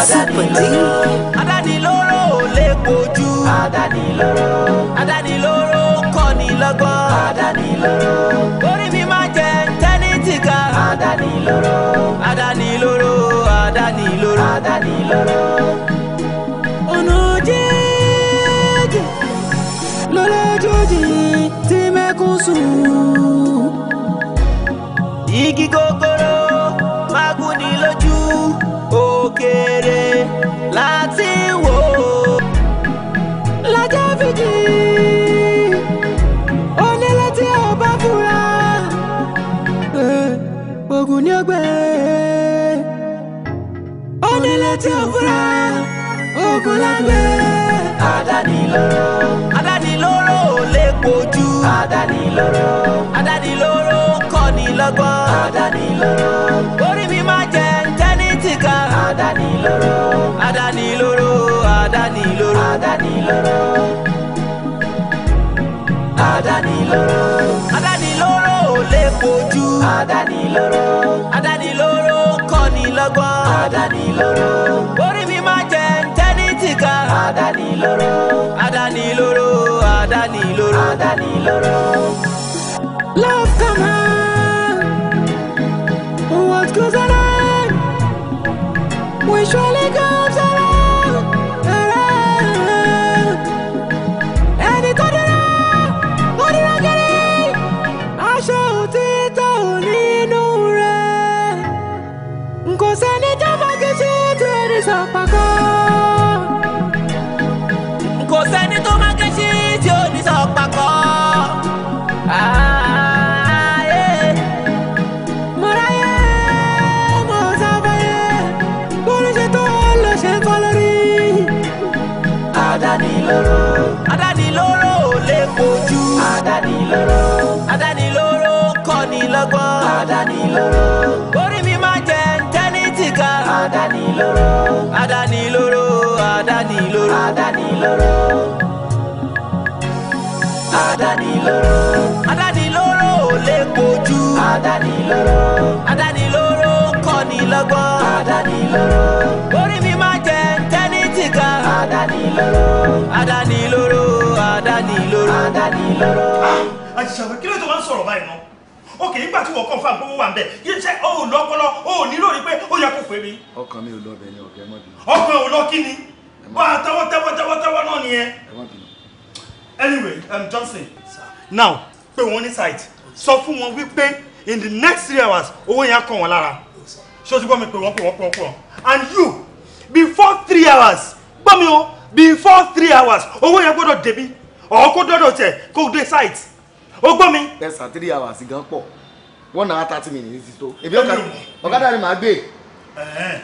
sípìtì. adánilóró ò lè kojú. adánilóró. adánilóró kọ́ ni lọ́gbọ́n. adánilóró. orí mi máa jẹ tẹ́nìtì kan. adánilóró. adánilóró. adánilóró. adánilóró. ọ̀nà jíjì ló lè jòjì tí mẹ́kún sùn. igi gógó. tí ó fura ogun Adaniloro, àdánilóró. àdánilóró ò Adaniloro, Adaniloro. àdánilóró. àdánilóró kọ́ ni lọ́gbọ́n. orí mi máa jẹ tẹ́ni tìkan. àdánilóró. àdánilóró àdánilóró. àdánilóró. àdánilóró. àdánilóró ò lè kojú. àdánilóró. àdánilóró àdánilọ́gbọ́n àdánilóró orí mi máa jẹ ntẹ́nìtì kan àdánilóró àdánilóró àdánilóró àdánilóró. love come on what goes on we surely go. adánilóró adánilóró adánilóró ò lè kojú adánilóró adánilóró kọ́ni lọ́gbọ́n adánilóró orí mi máa jẹ tẹ́nítì kan adánilóró adánilóró adánilóró adánilóró. Ah, àṣìṣàwé kí ló tó wá ń sọ̀rọ̀ báyìí náà òkè nígbà tí wọ́n kàn fún àgbówó wa ń bẹ̀ yìí ṣe o ò lọ́pọlọ o ò nílò rí pé ó yẹ kó pè mí. ọkàn mi ò lọ bẹ̀ ni ọ̀gá ẹ mọ̀ bí. ọkàn ò lọ kí ni bá a tẹ́wọ́ tẹ́wọ́ tẹ́wọ́ tẹ́wọ́ náà nìyẹn anyway um, Johnson now pé wọ́n ní site sọ fún wọn wípé in the next three hours owó yẹn á kàn wọ́n lára ṣé o ti gbọ́ mi pé wọ́n pè wọ́n pè wọ́n and you before three hours gbọ́ o before three hours owó yẹn gbọ́dọ̀ débi ọ̀ọ́ kó dọ́dọ̀ tẹ̀ kó dé site o gbọ́ mi. ẹ sà three hours gan pọ̀ one hour thirty minutes ti tó. èmi ọ̀kadà ni màá gbé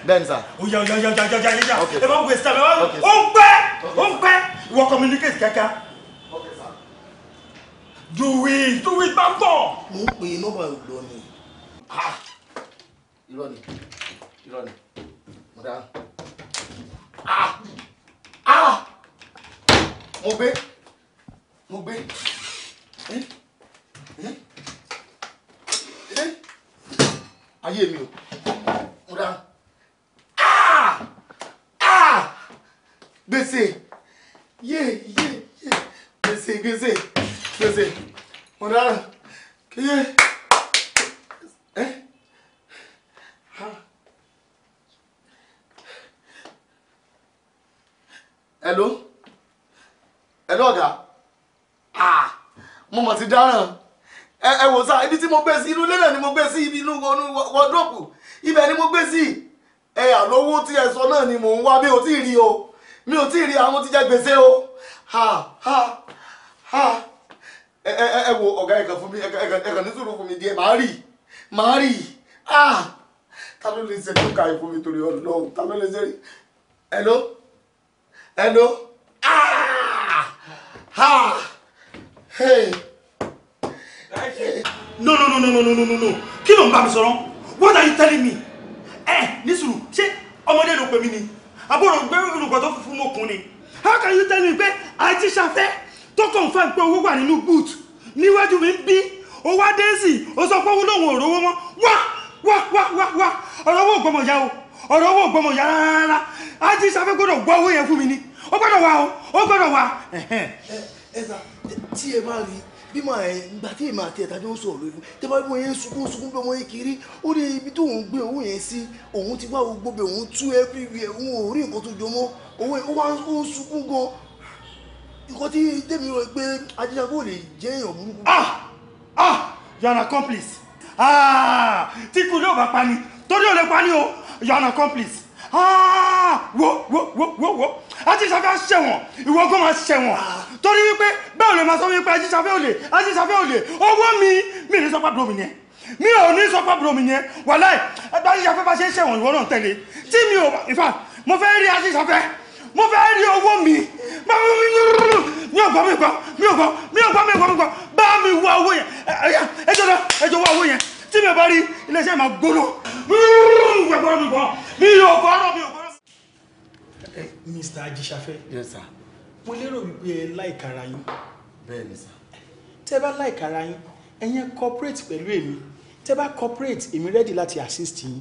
benza sà. o yà o yà o yà o yà o yà o yà ẹ bá gbé sáà o ń pẹ́ o ń pẹ́ ìwọ communicate kíákíá. juwi juwi gbàgbọ́. mo ń pè é nọ́mbà ìlọ ni. irọ́ ni irọ́ ni mo dá. mo gbé mo dáná ah! ah! gbèsè yé yé yé gbèsè gbèsè gbèsè mo dáná kíyè ẹ ha hello hello ọ̀gá ah mo mọ̀ ti dáràn ẹ wò sá ibi tí mo gbé sí inú ilé náà ni mo gbé sí ibi inú wọnú wọdúrọ̀pù ibẹ̀ ni mo gbé sí ẹ àlówó tí ẹ sọ náà ni mò ń wá mi ò tí ì rí o mi ò tí ì rí àwọn tí jẹ gbèsè o ha ha ha ẹ ẹ ẹ wo ọ̀gá ẹ̀kan fún mi ẹ̀kan ní sùúrù fún mi díẹ̀ màá rì màá rì ah ta ló lè ṣe tó ka ìfún mi torí ọlọ́run ta ló lè ṣe rí hello hello ah ha hey. no no no no no no no no kí ló ń bá mi sọ̀rọ̀ what are you telling me Eh, ní sùúrù ṣé ọmọdé ló pè mí ni àbúrò gbẹ́rù olùkọ́ tó fún mọ́kùn ni how can you tell me pé àìtí ṣàfẹ́ tó confirm pé owó wà nínú boot níwájú mi ń bí ó wá dé sí ó sọ pé ó lóun ò rówó mọ́ wá wá wá wá wá ọ̀rọ̀ owó ògbọ́mọ̀ ya o ọ̀rọ̀ owó ògbọ́mọ̀ ya rárá àìtí ṣàfẹ́ gbọ́dọ̀ gbọ́ owó yẹn fún mi ni ó gbọ́dọ̀ wá o ó gbọ́dọ̀ wá. ẹ ẹ ẹ sà tí ẹ bá rí i bímọ ẹ ìgbà tí èmi àti ẹ̀ta jọ ń sọ̀rọ̀ lórí fún tẹ́lẹ̀ bí yẹn sunkún sunkún bí wọ́n yẹn kiri ó ní ibi tó ń gbé owó yẹn sí òun ti wá gbogbo bẹ̀ òun tú everywhere òun ò rí nǹkan tó jọ mọ́ òun ó wá ń sunkún gan nǹkan tí tèmi rò pé ajínigbó lè jẹ́ èèyàn burúkú. ah ah you are an accomplice ah tí kùn ní ò bá pani torí ò lè pani o you are an accomplice Ah, wo wo wo wo wo ajísafẹ́ á ṣẹ̀wọ̀n ìwọ gan máa ṣẹ̀wọ̀n ah. torí wípé bẹ́ẹ̀ lè máa sọ wípé ajísafẹ́ ò lè ajísafẹ́ ò lè owó mi mi ní sọ́pà bùrọ̀ mi yẹn mi ò ní sọ́pà bùrọ̀ mi yẹn wàláì ajísafẹ́ bá ṣe ṣẹ̀wọ̀n ìwọ náà tẹ̀lé tí mi ò in fact mo fẹ́ rí ajísafẹ́ mo fẹ́ rí owó mi bá mi mi ò gbọ́ mi gbọ́ mi ò gbọ́ mi ò gbọ́ mi gbọ́ mi gbọ́ bá mi wá owó yẹn ẹ jọ̀ọ́ ẹ jọ̀ọ́ wá owó yẹn tí mi bá rí iléeṣẹ́ máa gbóná mi mi bọ́ mi ò gbọ́dọ̀ mi ò gbọ́dọ̀. Eh, Mr. Ajíṣafẹ́ yes sir mo lérò wípé ẹ láìka ara yín bẹ́ẹ̀ ni sir tẹ́ bá láìka ara yín ẹ̀yin cooperate pẹ̀lú èmi tẹ́ bá cooperate èmi ready láti assist yín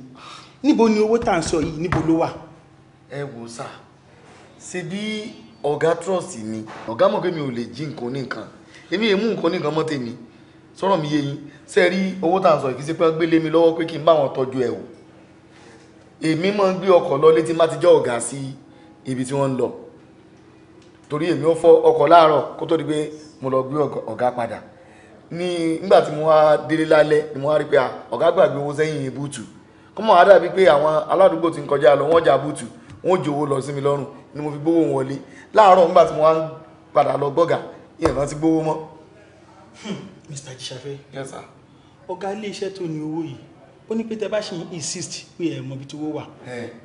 níbo ni owó tá à ń sọ yìí níbo ló wà. ẹ wò sá ṣe bí ọ̀gá trust ni ọ̀gá mọ̀ pé mi ò lè jí nǹkan ní nǹkan èmi èmú nǹkan ní nǹkan mọ́ tèmi sọ̀rọ̀ mi yé yín ṣe rí owó tá à ń sọ kì í ṣe pé wọ́n gbé lé mi lọ́wọ́ pé kí n bá wọn tọ́jú ẹ̀ o èmi máa ń gbé ọkọ̀ lọ létí má ti jẹ́ ọ̀gá sí ibi tí wọ́n ń lọ torí èmi ò fọ ọkọ̀ láàárọ̀ kó tó di pé mo lọ gbé ọ̀gá padà ní nígbà tí mo wá délé lálẹ́ ni mo wá rí pé ọ̀gá gbàgbé owó sẹ́yìn búùtù kọ́mọ̀ á dàbí pé àwọn aládùúgbò ti ń kọjá lọ wọ́n jà búùtù wọ́n jòwó lọ sí mi lọ́rùn ni mo fi gbówó wọlé láàárọ̀ nígbà tí mo wá padà lọ gbọ́gà ìrántí gbówó mọ́ Mr. Jishafe. Yes, sir. ọ̀gá iléeṣẹ́ tó ní owó yìí ó ní pé tẹ bá ṣì ń insist pé ẹ mọ̀ ibi tó wà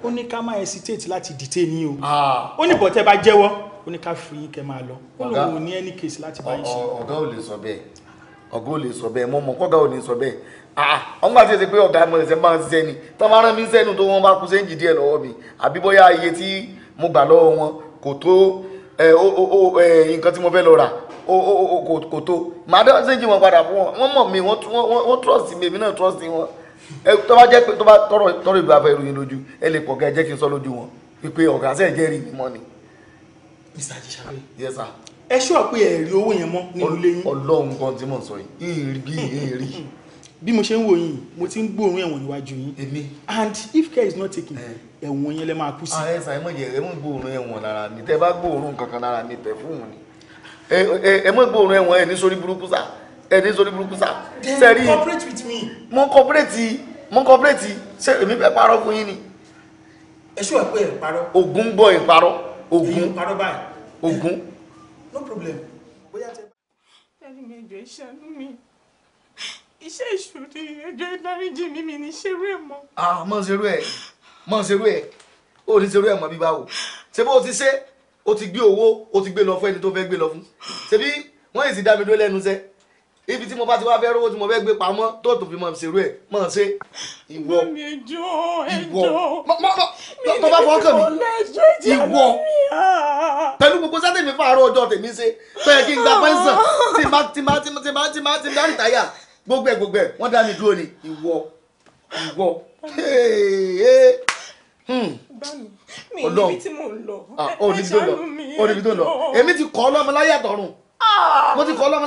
ó ní ká má hesitate láti detain yín o ah. ó ní bọ̀ tẹ bá jẹ́wọ́ ó ní ká fi yín kẹ máa lọ ó lóun ò ní any case láti bá yín ṣe. ọ̀gá ò lè sọ bẹ́ẹ̀ ọ̀gá ò lè sọ bẹ́ẹ̀ mo mọ̀ kọ́gá ò ní sọ bẹ́ẹ̀ ọmọ àti ẹsẹ̀ pé ọ̀gá mo máa ń ṣiṣẹ́ ni tó máa rán mi sẹ́nu tó wọ́n bá kú sẹ́ńjì díẹ̀ lọ́wọ́ mi àbí bóyá iye tí mo gbà lọ́wọ́ wọn kò tó nǹkan tí mo fẹ́ lọ rà kò tó màá dé wọn padà fún wọn wọ́n mọ̀ mí wọ́n trust mi èmi náà trust wọn tó bá jẹ́ pé tó bá tọrọ ìlú afẹ́ ìròyìn lójú ẹ lè pọ̀ kẹ́ ẹ jẹ́ kí n sọ lójú wọn ìpè ọ̀gá sẹ́ẹ̀ jẹ́ rí mímọ́ ni. Mr. Ajisabe yes sir. ẹ ṣọ́ pé ẹ rí owó yẹn mọ́ nínú ilé yín. Ọlọ́run kan tí mò ń sọ yìí ìrì bí ìrì. bí mo ṣe ń wò yín mo ti ń gbóòórùn ẹ̀wọ̀n níwájú yín and if care is not taken eh. ẹ̀wọ̀n yẹn lẹ máa kú sí. Ah, ẹ ṣàìmọ̀ yẹ̀rẹ̀ mú gbóòórùn ẹ̀wọ̀n lára mi tẹ bá gbóòórùn kankan lára mi tẹ fóun ni ẹ mọ gbóòórùn ẹwọn ẹ ní sórí burúkú sá ẹ ní sórí burúkú sá. sẹ́rí mo kọ́pẹ́rẹ́tì mo kọ́pẹ́rẹ́tì ṣé èmi fẹ́ parọ́ fún yín ni. ẹ ṣú ẹ pé ẹ parọ́. ogun gbọ́ ìparọ́ ogun ogun. no problem. ẹni mẹjọ ìṣàánú mi iṣẹ́ ìṣòro ẹjọ́ ìdáríjì mi mi ní ṣerú ẹ̀ mọ́. ah mọ̀ ṣerú ẹ̀ mọ̀ ṣerú ẹ̀ ó ní ṣerú ẹ̀ mọ́ bíbá o ṣé bó ti ṣe o ti gbé owó o ti gbé lọ fún ẹni tó fẹ́ gbé lọ fún ṣebí wọ́n yìí sì dá mi dúró lẹ́nu sẹ́ ibi tí mo bá ti wá fẹ́ rówó tí mo fẹ́ gbé pamọ́ tó tó fi mọ̀ ṣerú ẹ̀ mọ̀ ṣe ìwọ ìwọ tó bá fọwọ́ kàn ìwọ pẹ̀lú gbogbo sátẹ̀ mi fàárọ̀ ọjọ́ tèmi ṣe tó kí n gba pẹ́ńsàn tí má tí má tí má tí má tí má tí má ń tàyà gbogbo ẹ̀ gbogbo ẹ̀ wọ́n dá mi dúró ni ìwọ ìwọ. Hmm. mi níbi tí mò ah, ń lọ ẹ ṣàánú mi ẹ lọ èmi ti kọ́ ọlọ́mọ láyé àtọ̀run ah. mo ti kọ́ ọlọ́mọ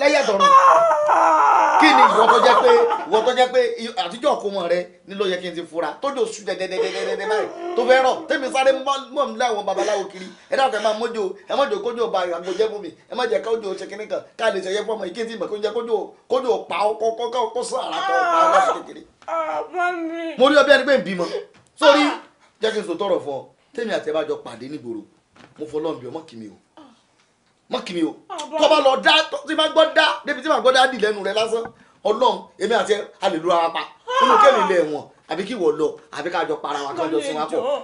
láyé àtọ̀run ah. kí ni ìwọ tó jẹ́ pé ìwọ tó jẹ́ pé àtijọ́ ọ̀kọ́mọ rẹ nílò yẹ kí n ti fura tójó su dẹ́dẹ́dẹ́dẹ́dẹ́ báyìí tó fẹ́ rọ̀ tèmi sáré mọ̀ nílé àwọn babaláwo kiri ẹ dáhùn kẹ́ máa mójó ẹ má jò kójó ba àgbo jẹ́ fún mi ẹ má jẹ́ kójó ṣe kíní kan ká lè ṣẹyẹ fún ọmọ ìkéntì mọ̀ kó jẹ́ kójó kójó pa ọkọ̀ kọ́kọ́ kó sàrà kọ́ pa ọlọ́sẹ̀ kékeré. mo rí ọbẹ̀ ẹni pé ń bímọ sórí ah. jẹ́ kí n sọ tọrọ fún ọ tèmi àti ẹ bá jọ pàdé nígboro mo fọlọ́run bí ọmọ kìmí o mọ o ah, tó bá lọ dá tí máa gbọ́ dá débi tí máa gbọ́ dá dì lẹ́nu rẹ lásán ọlọ́run èmi àti ẹ a lè lu ara pa ah. nínú kẹ́mi ilé wọn àbí kí wọ́n lọ àbí ká jọ para wa ká jọ sun wa pọ̀ mo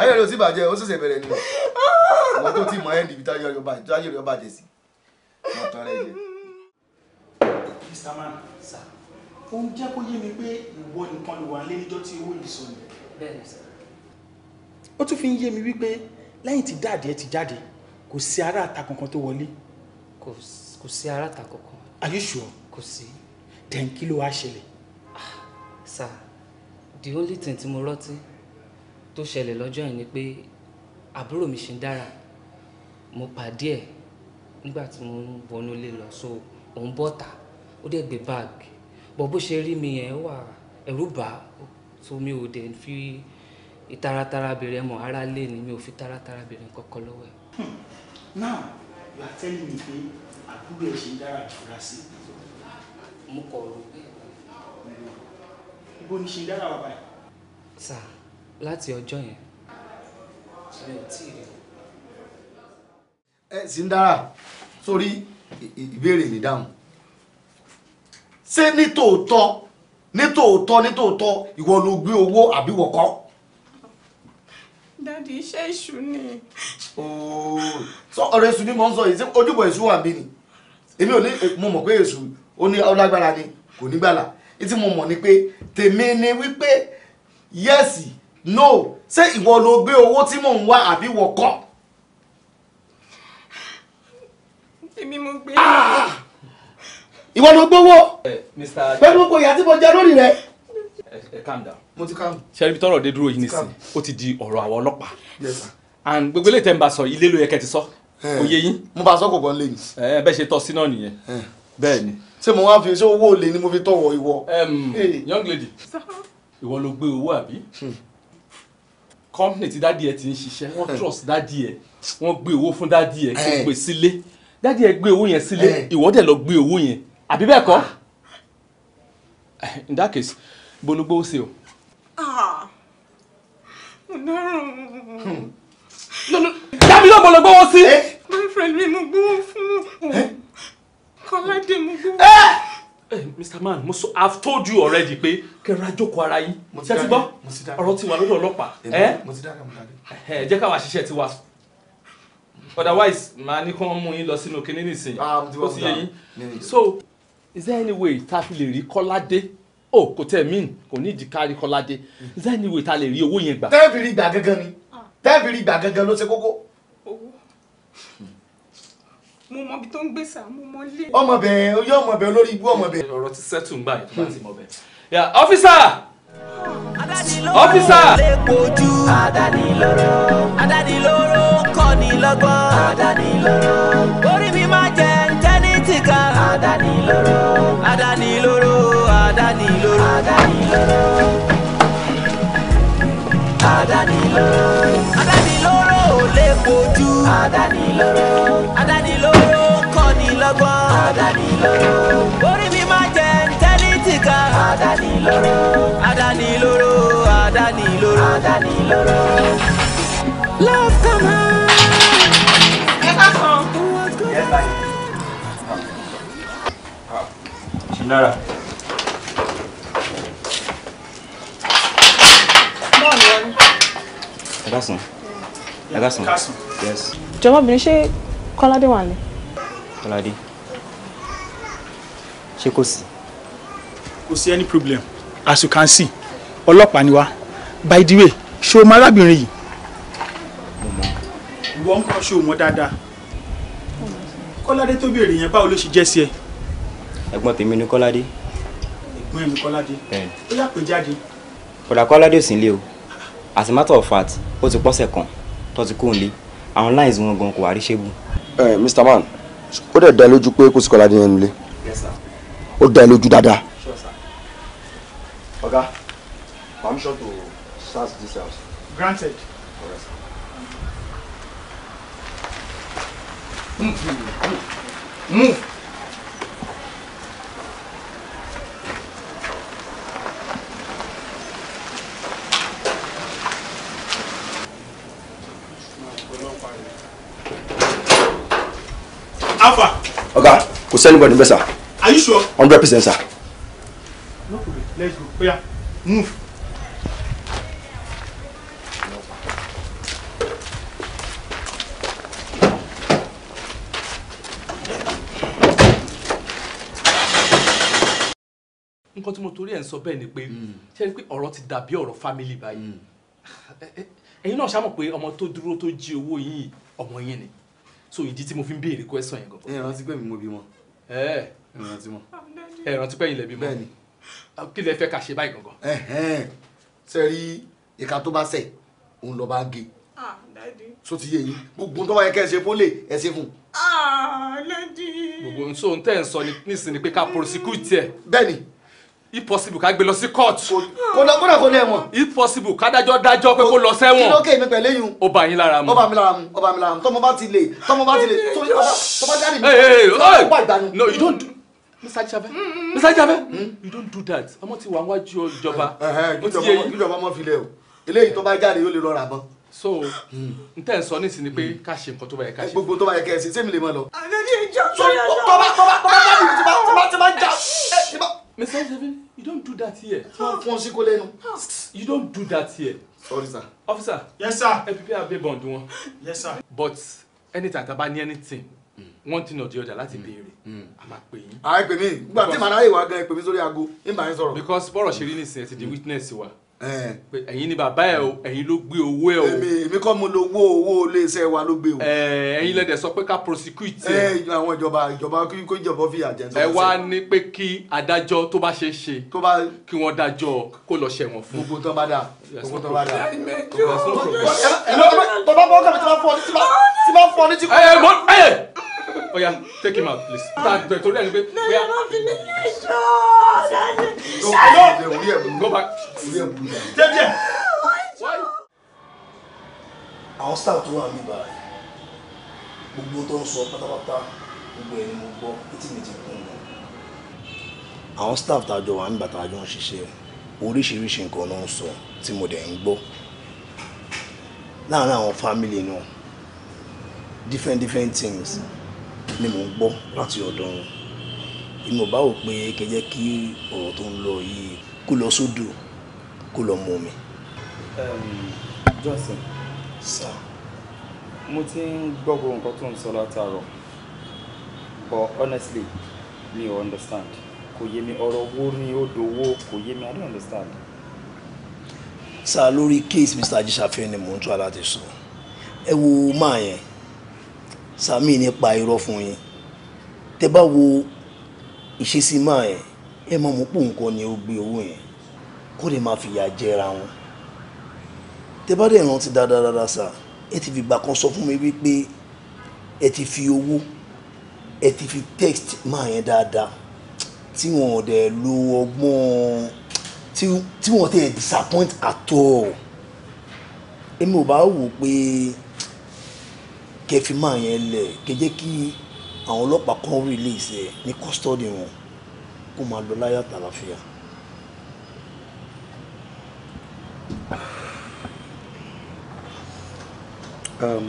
ayé rẹ ò sì bàjẹ́ ó ṣẹ̀ṣẹ̀ bẹ̀rẹ̀ ni o tó ti mọ ẹ́ndì ibi táyé rẹ bàjẹ́ sí mo tán rẹ Mr. Man, sir ó jẹ́ kó yé mi pé ìwọ nìkan ló wà lé tí owó yìí sọnù. bẹ́ẹ̀ni sir. ó tún fi ń yé mi wípé lẹ́yìn tí dáàdì ẹ ti jáde kò sí ará àta kankan tó wọlé. kò sí ará àta kankan. are you sure? kò sí. then kí ló ṣẹlẹ̀. ah sir the only thing tí mo rántí tó ṣẹlẹ̀ lọ́jọ́ yìí ni pé àbúrò mi ṣe ń dára mo pàdé ẹ̀ nígbà tí mo ń wọnú ilé lọ so òun ta ó dẹ̀ gbé báàgì bọ̀ bó ṣe rí mi yẹn wà ẹ̀rù bà á tó mi ò dẹ̀ fi ìtaratara bèrè ẹ̀mọ̀ ara lé ni mi ò fi taratara bèrè nǹkan lọ́wọ́ ẹ̀. Hmm. now you are telling me pé àbúrò ẹ̀ ṣe ń dára jura sí i. mo kọ̀ ọ́ bó ni ṣe ń dára wà báyìí. sà láti ọjọ́ yẹn ẹ sì ń dára sórí ìbéèrè mi dáhùn ṣé nítòótọ́ nítòótọ́ nítòótọ́ ìwọ ló gbé owó àbí ìwọ dadi iṣẹ́ ìṣù ni. ooo sọ ọ̀rọ̀ èṣù ni mo ń sọ yìí ṣé ojúbọ èṣù wà bí ni èmi ò ní mo mọ̀ pé èṣù ó ní ọlágbára ni kò ní gbàlà tí mo mọ̀ ni pé tèmi ni wípé yẹ́sì no ṣé ìwọ ló gbé owó tí mò ń wá àbí ìwọ kọ́. mo gbé. Ah! ìwọ ló gbowó eh, pẹ̀lú gbogbo ìyà tí mo jẹ lórí rẹ. Eh, eh, down. mo ti calm. sẹ́ríbi tọ́rọ̀ dé dúró yìí nìsín ó ti di ọ̀rọ̀ àwọn ọlọ́pàá and gbogbo ilé tẹ́ ń bá sọ ilé ló yẹ kẹ́ ti sọ kò yé yín. mo bá a sọ kò gbọ́n lẹ́yìn. ẹ bẹ́ẹ̀ ṣe tọ́ sí náà nìyẹn bẹ́ẹ̀ ni. ṣé mo wá fi ṣé owó olè ni mo fi tọ̀wọ̀ ìwọ. young lady ìwọ ló gbé owó àbí hmm. company tí dádì ẹ ti ń ṣiṣẹ́ wọ́n hmm. trust dádì ẹ wọ́n gbé owó fún dádì ẹ kó gbé sílé dádì ẹ gbé owó yẹn sílé ìwọ dẹ̀ lọ gbé owó yẹn àbí bẹ́ẹ̀ kọ́ in that case bolúgbó ó ṣe o. dábì ló bolúgbó ó sí. boyfriend eh? mi mo gbówó fún eh? kọ́ládé mo gbówó. Eh! Mr. Man, mo so I've told you already pé kẹra jókòó ara yín. Ṣé ti gbọ́? Ọ̀rọ̀ ti wà lọ́dọ̀ ọlọ́pàá. Ẹ jẹ́ káwa ṣiṣẹ́ tiwa. Otherwise, màá ní kí wọ́n mú yín lọ sínú kinní nìsín. Ah, ó sì yẹ yín. So is there any way tá a fi lè rí kọ́ládé o kò tẹ̀ mí kò ní ìdí ká kọ́ládé is there any way tá a lè rí owó yẹn gbà. tẹ́ẹ̀fì rí gbà gangan ni ah. tẹ́ẹ̀fì rí gbà gangan ló ṣe kókó. mo mọ ibi tó ń gbé sá mo mọ ilé. ọmọbẹ oyè ọmọbẹ olórí ibú ọmọbẹ. ọ̀rọ̀ ti sẹ́tù ń báyìí tó bá ti mọ̀ bẹ́ẹ̀. ọ́fíìsà ọfisa. adánilóró adánilóró kọ́ni lọ́gbọ́n adánilóró orí mi máa jẹ́ Amẹ́ríkà. Adánilóró. Adánilóró. Adánilóró. Adánilóró. Adánilóró. Adánilóró ò lè kojú. Adánilóró. Adánilóró kọ́ ni lọ́gbọ́n. Adánilóró. Orí mi máa jẹ ntẹ́lítì kan. Adánilóró. Adánilóró. Adánilóró. Adánilóró. Love come on. Ẹ ká kan. Yes, I. Nada. Come on. sùn ẹ yes. jọmọbìnrin ṣé kọ́ládé wà ní. kọ́ládé ṣé kò sí. kò any problem as you can see ọlọ́pàá ni wá by the way show o mọ arábìnrin yìí. mo mọ. ìwọ ń kọ́ ṣé o mọ dáadáa kọ́ládé tó béèrè yẹn báwo ló ṣe ẹ̀gbọ́n tèmi ni Kọ́ládé. ẹ̀gbọ́n mi Kọ́ládé. ó yà pé jáde. bọ̀dà Kọ́ládé ò sí ilé o as a matter of fact ó ti pọ́sẹ̀ kan tó ti kó ń lé àwọn lines wọn gan kò wá rí ṣébù. ẹ Mr Man ó dẹ̀ dá lójú pé kò sí Kọ́ládé yẹn nílé ó dá lójú dáadáa. ọ̀gá sure to search this house. granted. Move. Move. kò sẹ́ni bọ̀ níbẹ̀ sà. are you sure. hundred percent sà. no problem let's go oya move. nǹkan tí mo torí ẹ̀ ń sọ bẹ́ẹ̀ ni pé hmm. ṣe ni pé ọ̀rọ̀ ti dàbí ọ̀rọ̀ family báyìí hmm. eh, eh, ẹ̀yin náà ṣàmọ̀ pé ọmọ tó dúró tó jí owó yìí ọmọ yín ni so ìdí tí mo fi ń béèrè question yẹn gan. ẹ rántí pé mi mo bímọ ẹ ẹ rántí pẹ́yìn lẹ́bí mọ́ kí lẹ fẹ́ ká ṣe báyìí gangan. ṣe rí ìka tó bá ṣẹ̀ òun lọ́ọ́ bá gé so ti yé yín gbogbo tó bá yẹ kẹ́ ẹ ṣe fólè ẹ ṣe fún. gbogbo nso n tẹ́ ń sọ nísìnyí pé ká prosecute ẹ. bẹ́ẹ̀ni if possible ká gbé lọ sí court. kò lọ kódà kò lè mọ. if possible ká dájọ́ dájọ́ pé kó lọ sẹ́wọ̀n. kí ló kè mí pẹ̀lẹ́ yun. ó bá yín lára mu. ó bá mi lára mu ó bá mi lára mu tọmọ bá ti lè tọmọ bá ti lè tọmọ jáde mi. ó bá ìgbàanu. no you don't Mr. Jabe Mr. Jabe you don't do that ọmọ ti wà wájú ìjọba. ìjọba ọmọ filẹ o eléyìí tó bá jáde yóò lè lọ rà bọ so n tẹ́ ń sọ nísìnyí ni pé ká ṣe nǹkan tó bá yẹ ká ṣe. gbogbo tó bá yẹ kẹ́ ẹ ṣe sẹ́mi lè mọ lọ. àlejò ìjọba yẹn lọ. tọ́ba tọ́ba tọ́ba tọ́ba tọ́ba tọ́ba tọ́ba tọ́ba tọ́ba Mr. Jevin, you don't do that here. Tí wọ́n fún ọ sí You don't do that here. Sorry sir. Officer. Yes sir. Ẹ a abẹ́ bọ̀ǹdù wọn. Yes sir. But anytime tá a anything, one thing or the other that's béèrè, a máa pè yín. Àá pè mí, But tí màá ráyè wá gan ẹ pè mí sórí aago, ń bá Because bọ́rọ̀ ṣe rí nísìnyí ẹ witness wa. Mm ẹ̀yin ni bàbá ẹ o ẹ̀yin ló gbé owó ẹ o. èmi kọ́ mo lo owó owó iléeṣẹ́ wa ló gbé o. ẹ̀yin lẹ́dẹ̀ sọ pé ká prosecute. ẹ àwọn ìjọba ìjọba kó ìjọba fìyà jẹ. ẹ wá ní pé kí adájọ́ tó bá ṣe é ṣe kí wọ́n dájọ́ kó lọ ṣẹ̀wọ̀n fún. gbogbo tó bá dà gbogbo tó bá dà. ẹ lọ́ọ́ bọ́ kàbí tí wọ́n fọ́ ọ ní tí wọ́n fọ́ ọ ní tí. Oh yeah, take him out, please. No, no, no, torí ẹni pé. Oya. Go back. Jẹ́jẹ́. Àwọn staff tó wà mí báyìí, gbogbo tó ń sọ pátápátá, gbogbo ẹni mo gbọ́, etí mi ti start un. Àwọn staff but wà nígbà she ń ṣiṣẹ́, oríṣiríṣi nǹkan in ń sọ tí mo dẹ̀ ń gbọ́. Láàárín àwọn fámìlì náà, different different things. Mm -hmm ni mò ń gbọ́ láti ọ̀dọ̀ wọn ìmọ̀ bá pé kẹjẹ́ kí ọ̀rọ̀ tó ń lọ yìí kó lọ sódò kó lọ mú mi. Johnson sir mo ti ń gbọ́ gbogbo nǹkan tó ń sọ látàárọ̀ but honestly mi ò understand kò yé mi ọ̀rọ̀ wo ni ó dowó kò yé mi i don't understand. sá lórí case Mr. Ajíṣafẹ́ ni mò ń tún aláti sọ ẹ wo máa yẹn sami nípa irọ́ fún yín tẹ bá wo ìṣesí máa yẹn ẹ mọ̀ mú pò nǹkan ni ó gbé owó yẹn kó lè máa fìyà jẹra wọn tẹ bá dẹ̀ rántí dáadáa sá ẹ ti fìgbà kan sọ fún mi wípé ẹ ti fi owó ẹ ti fi text máa yẹn dáadáa tí wọn dẹ̀ lo ọgbọ́n tí wọn tẹ̀ disappoint at all èmi ò bá wò pé kẹfì máa yẹn lẹ̀ kẹjẹ́ kí àwọn ọlọ́pàá kan release ẹ̀ ní custody wọn kó máa lọ láyọ̀ àtàlàfíà. Um,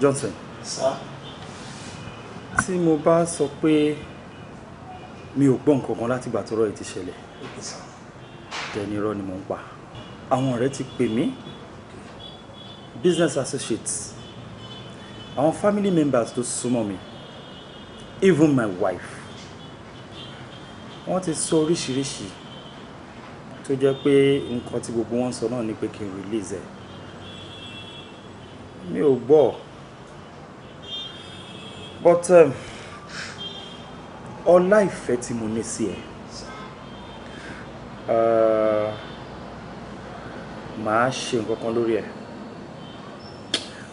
Johnson. Sir. Tí mo bá sọ pé mi ò gbọ́ nǹkan kan láti gbà tọ́rọ̀ ẹ̀ ti ṣẹlẹ̀. Tẹni irọ́ ni mò ń pa. Àwọn ọ̀rẹ́ ti pè mí. Business associates Our family members tó súnmọ́ mi even my wife wọ́n ti sọ oríṣiríṣi tó jẹ́ pé nǹkan tí gbogbo wọn sọ náà ni pé kí n release ẹ̀ mi ò gbọ́ but um, ọlá ìfẹ́ tí mo ní sí ẹ uh, màá ṣe nǹkan kan lórí ẹ̀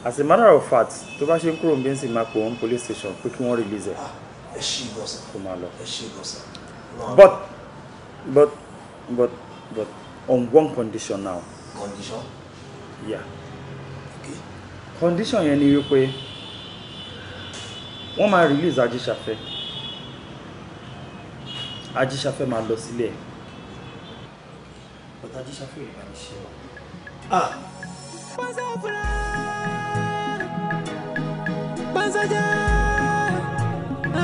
as a matter of fact tó bá ṣe ń kúrò bí ń sì máa pè wọ́n police station pé kí wọ́n release ẹ̀. Ah, ẹ ṣe ìgbọ̀nsẹ̀ kó máa lọ. ẹ ṣe ìgbọ̀nsẹ̀. but but but but on one condition now. condition. yeah. okay. condition yẹn ni wípé wọ́n máa release ajíṣafẹ́ ajíṣafẹ́ máa lọ sílé ẹ̀. but ajíṣafẹ́ ò lè bá mi ṣe o. ah pasaje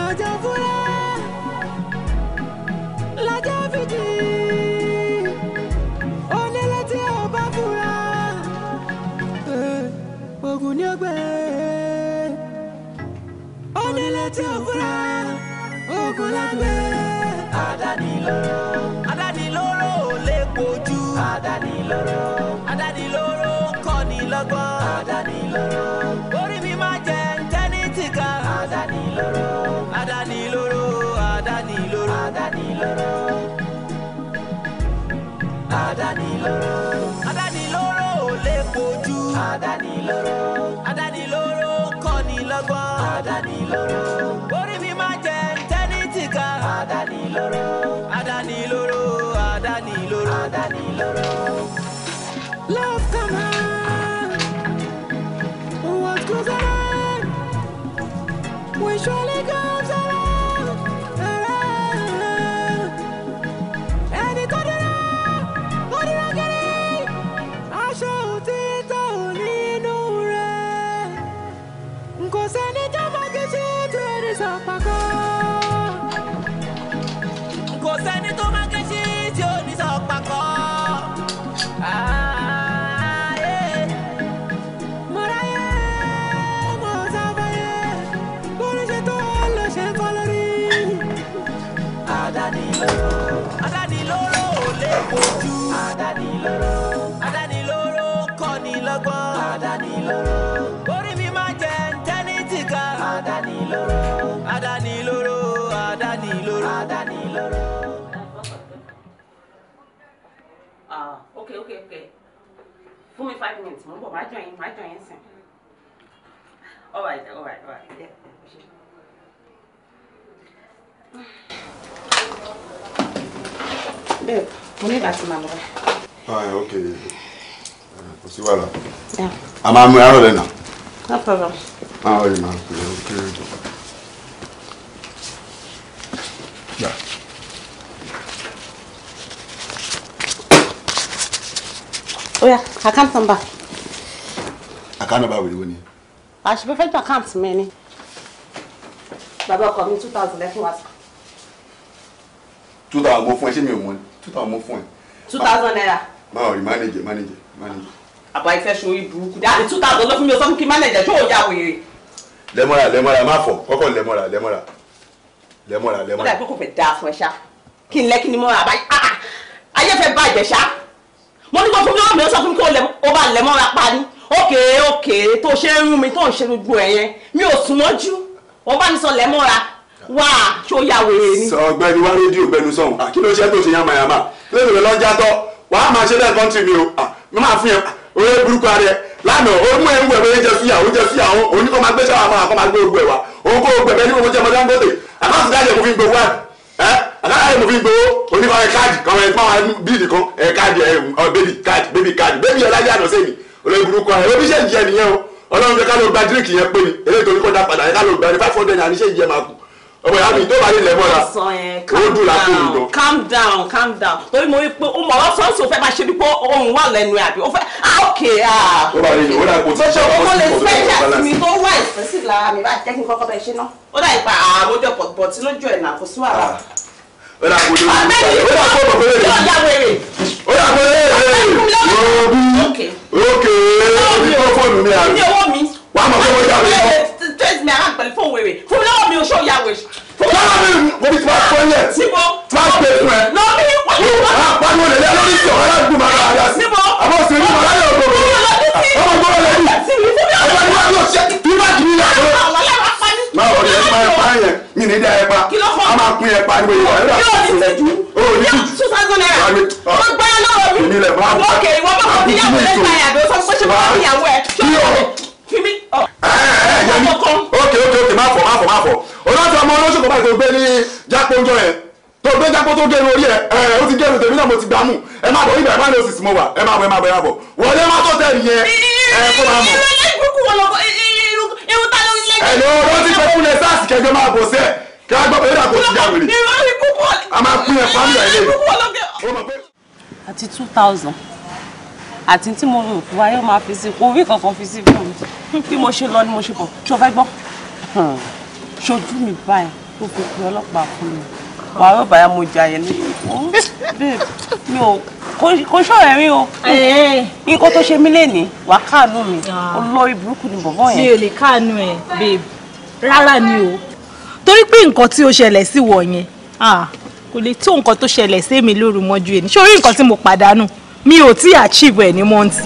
aja fura laja fiji onílé tí o bá fura eh, ogun ni ó gbé onílé tí o fura ogun la gbé. àdánilóró àdánilóró ò lè kojú àdánilóró àdánilóró kọ́ni lọ́gbọ́n àdánilóró. adánilóró ò lè kojú adánilóró adánilóró kọ́ni lọ́gbọ́n adánilóró orí mi máa jẹ ntẹ́nìtì kan adánilóró adánilóró adánilóró adánilóró. love come on, what's we surely go. five minutes mo ń bọ̀ máa jọ yín máa jọ yín sìn. all right all right all right. Yeah. Babe, mo ní láti máa lọ. Fine, ah, okay. Eh, kò sí wàhálà. A máa mú ẹran lẹ́nà. No problem. Máa wọlé máa é, ó kéré jù. Yeah. Oh oya account number. account number wèrè wo ni. àṣìbẹ́ fẹ́ ju account mi ni. bàbá ọkọ mi two thousand lẹ́fún wa sí. two thousand mo fún ẹ ṣé mi ò mọ ni two thousand mo fún ẹ. two thousand naira. báwo ni manager manager manager. àbá ìfẹ́ ṣe orí burúkú dáàbì two thousand ló fún mi ó sọ fún kí manager tó o ya wèrè. lẹ́mọ́ra lẹ́mọ́ra má fọ̀ kọ́kọ́ lẹ́mọ́ra lẹ́mọ́ra lẹ́mọ́ra lẹ́mọ́ra. Let me pé kò fẹ́ dáa fún ẹ ṣá kí n lẹ́kí ni mọ́ra àbá ah, ah. ayé fẹ́ bàjẹ́ ṣá mo ní kó fún mi náà mi ó sọ fún mi kó o bá lẹ̀ mọ́ra pa ni òkè òkè tó ṣe ń rún mi tó ń ṣe gbogbo ẹ̀ yẹn mi ò sún mọ́jú wọ́n bá mi sọ lẹ̀ mọ́ra wá ṣó ya wèrè ni. ọ̀gbẹ́ni wá rédíò gbẹnu sọhùn kí ló ṣe tó ṣe yàmà yàmà lẹ́nu rẹ lọjà tọ wàá máa ṣe lẹ́ẹ̀kan tì mí o mi máa fún yẹn orí burúkú ara ẹ lánàá ó mú ẹrú ẹ̀rọ oúnjẹ fíyà oúnjẹ fíyà òun ní kó máa gbé ṣáà máa kó máa gbé ogun ẹ̀wà òun kó ogun ẹ̀bẹ̀ ní gbogbo jẹ́ mọ́tò Dangote àbáṣe dájẹ́ aláàrẹ mo fi onye oníkan kaadị káàdì kan ẹ pàwọn bíìlì kan kaadị káàdì ẹ bebi káàdì bébì káàdì bébì ẹ láyé àná sẹ́yìn olóyè burúkú ẹ lóbi iṣẹ́ ìjẹ nìyẹn o ọlọ́run fẹ́ ká ló gba díríkì yẹn pé ni eléyìí torí kọ́ dá padà yẹn ká ló ihe ní five ọmọ ìyá mi tó bá nílẹ̀ mọ́ra eh, ó dùn lápò mi lọ. calm down calm down torí mo rí pé ó mọ̀ ọ́ sọ́ọ́sì ó fẹ́ máa ṣe bí pé ohun wà lẹ́nu ẹ̀ àbí ó fẹ́ ah, okay ah. ó bá nílẹ̀ ó dàgbò tí ó kọ́ sí ìfọ̀dọ̀ ìfọ̀dọ̀ balance. mi tó wá expensive lára mi báyìí jẹ́ kí n kọ́kọ́ bẹ́ẹ̀ ṣe ná. ó dà ipa ah, àmójọ pọ̀tipọ̀ tí lójú ẹ̀ náà sí wàhálà. Ah. ó dà kó lórí mi ó dà kó face mi around pẹ̀lú fóun wèrè fún mi lọ́wọ́ mi ò ṣó ya wèrè. mo fi tiwa sọ yẹn. síbo tí wàá gbé fún ẹ. lọ mi wọ́n ti wọ́n. àwọn apaniwo lè lé lórí ìṣòro aláàbò máa ra àyà síbo àwọn òsè ní ọ̀rẹ́ yóò gbòòrò. ọmọ gbọ́dọ̀ lè rí. ọmọ ní wàá yóò ṣe bí wàá kì í yà tó. máa wọ ẹ pa yẹn mi ní dá ẹpa a máa pín ẹpa ní ìwà ẹ̀rọ yóò ní two thousand naira. wọ́n ah, gbá lọ́wọ́ mi. èmi lẹ̀ kíní. ẹ ẹ yẹmi ókè ókè ókè má fọ má fọ má fọ olóòtú ọmọ olóṣù kọ́ báyìí tó gbé jápó tó gbé jápó ẹ ẹ eh, ó ti gé tèmi náà mo ti gbà ẹ má bọ̀ ibà ẹ má lè òsì mo wà ẹ má bọ̀ ẹ má bọ̀ ẹ má wọlé má tó tẹ̀ nìyẹn ẹ kó má mọ̀. ẹ ló ló ti fẹ́ fún ẹ kẹjọ máa bọ̀ sẹ́ẹ̀ kí wọ́n gbọ́ pé ó dà kó ti àti tí mo rò fún wa yóò máa fi sí kò rí kankan fi sí fún mi bí mo ṣe lọ ni mo ṣe bọ̀ ṣó fẹ́ gbọ́ hmm. ṣojú mi báyìí tó fi pe ọlọ́pàá fún mi wà á bàyà mo jàyè ní mi ò kò ṣọ̀rọ̀ ẹ̀rín o nǹkan tó ṣe mí lénìí wà á káàánú mi ah. olórí burúkú ni bọ̀bọ̀ yẹn. mi ò lè káàánú ẹ babe rárá ni o torí pé nǹkan tí ó ṣẹlẹ̀ sí wọ̀ yẹn ah, kò lè tó nǹkan tó ṣẹlẹ̀ sí èmi lóru mọ́jú ẹ̀ ní ṣé orí nǹkan tí mo pàdánù mi ò tí achieve ẹ̀ ní mọ́ǹtì.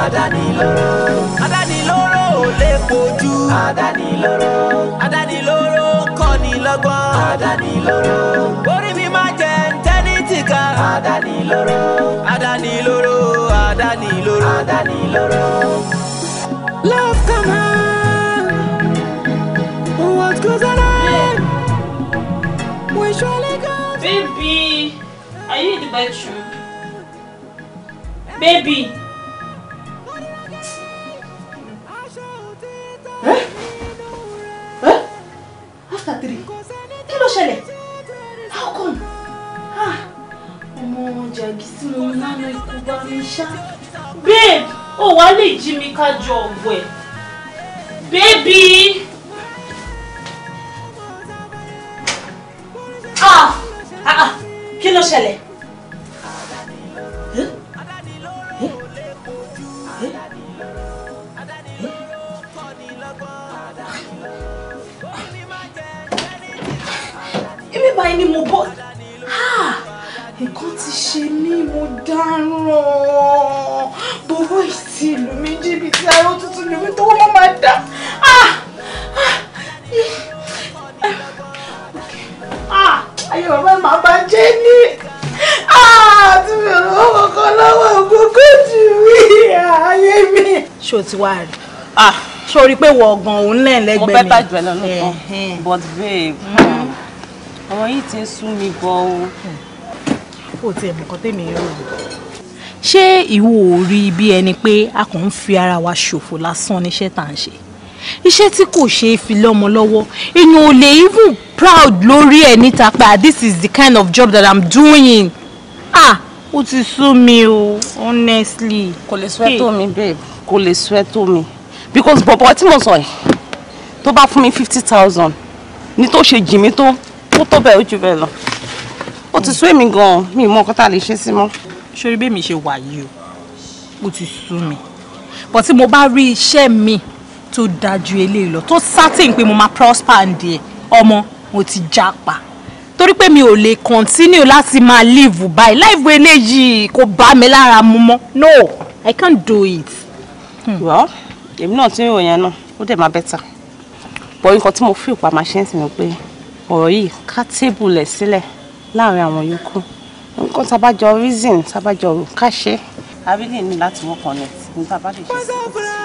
àdánilóró àdánilóró ò lè kojú. àdánilóró àdánilóró kọ́ ni lọ́gbọ́n. àdánilóró orí mi máa jẹ ntẹ́nìtì kan. àdánilóró àdánilóró àdánilóró àdánilóró. love come on what goes on we surely go. baby are you in the bedroom baby. after three kí ló how come ah, ọmọ jàgì tí mo ń lánà ikú babe ó wàá lè jí mi baby. Ah, ah ah kí ló ṣẹlẹ̀. bíbá yìí ni mo bọ́ nǹkan ti ṣe mí mo dáràn bọ́wọ́ ìsì ìlú mi jìbìtì ayé òtútù ìlú mi tọwọ́ mọ́ máa dá. ayé bàbá ẹ̀ máa bá jẹ́ ní tí mi ò lọ́wọ́ kan lọ́wọ́ gbogbo jù mí ayé mi. ṣé o ti wá rí i ṣé o rí i pé wọ ọgàn òun lẹ́ẹ̀lẹ́gbẹ̀ẹ́ mi. mo bẹ́ẹ̀ bàjẹ́ lọ́nà kan but babe. Mm-hmm. Um, ọ̀rọ̀ yìí ti ń sú mi gan o. ó ti ẹ̀mí kan tèmi rò. ṣé ìwọ ò rí bí ẹni pé a kàn ń fi ara wa ṣòfò lásán níṣẹ́ tá à ń ṣe iṣẹ́ tí kò ṣe é fi lọ́mọ lọ́wọ́ èèyàn ò lè even proud lórí ẹ̀ níta pé ah, this is the kind of job that i'm doing ah ó ti sú mi o honestly. kò lè sweato mi babe kò lè sweato mi because bọ̀bọ̀ tí mo sọ yìí tó bá fún mi fifty thousand ní tó ṣe jì mí tó ó tó bẹ́ẹ̀ ó jù bẹ́ẹ̀ lọ ó ti sú èmi gan-an mi mọ nǹkan lè ṣe sí mọ́. sori bẹ́ẹ̀ mi ṣe wà yìí o ó ti sú mi bọ̀ tí mo bá rí iṣẹ́ mi tó dájú eléyìí lọ tó certain pé mo máa prosper ǹdí ẹ̀ ọmọ mo ti jápa torí pé mi ò lè continue láti máa live báyìí live eléyìí kò bá mi lára mu mọ́ no i can't do it. Hmm. well èmi náà ti ń ròyìn ẹ náà ó dẹ̀ máa better bọ̀ nǹkan tí mo fi ìpa ṣe ń sìn ni pé ọ̀rọ̀ yìí ká tébùlẹ̀ sílẹ̀ láàrin àwọn yòókù nǹkan tábàjọ reason tábàjọ ká ṣe é ní láti wọ́n connect ní bàbá lè ṣe sí ìpínlẹ̀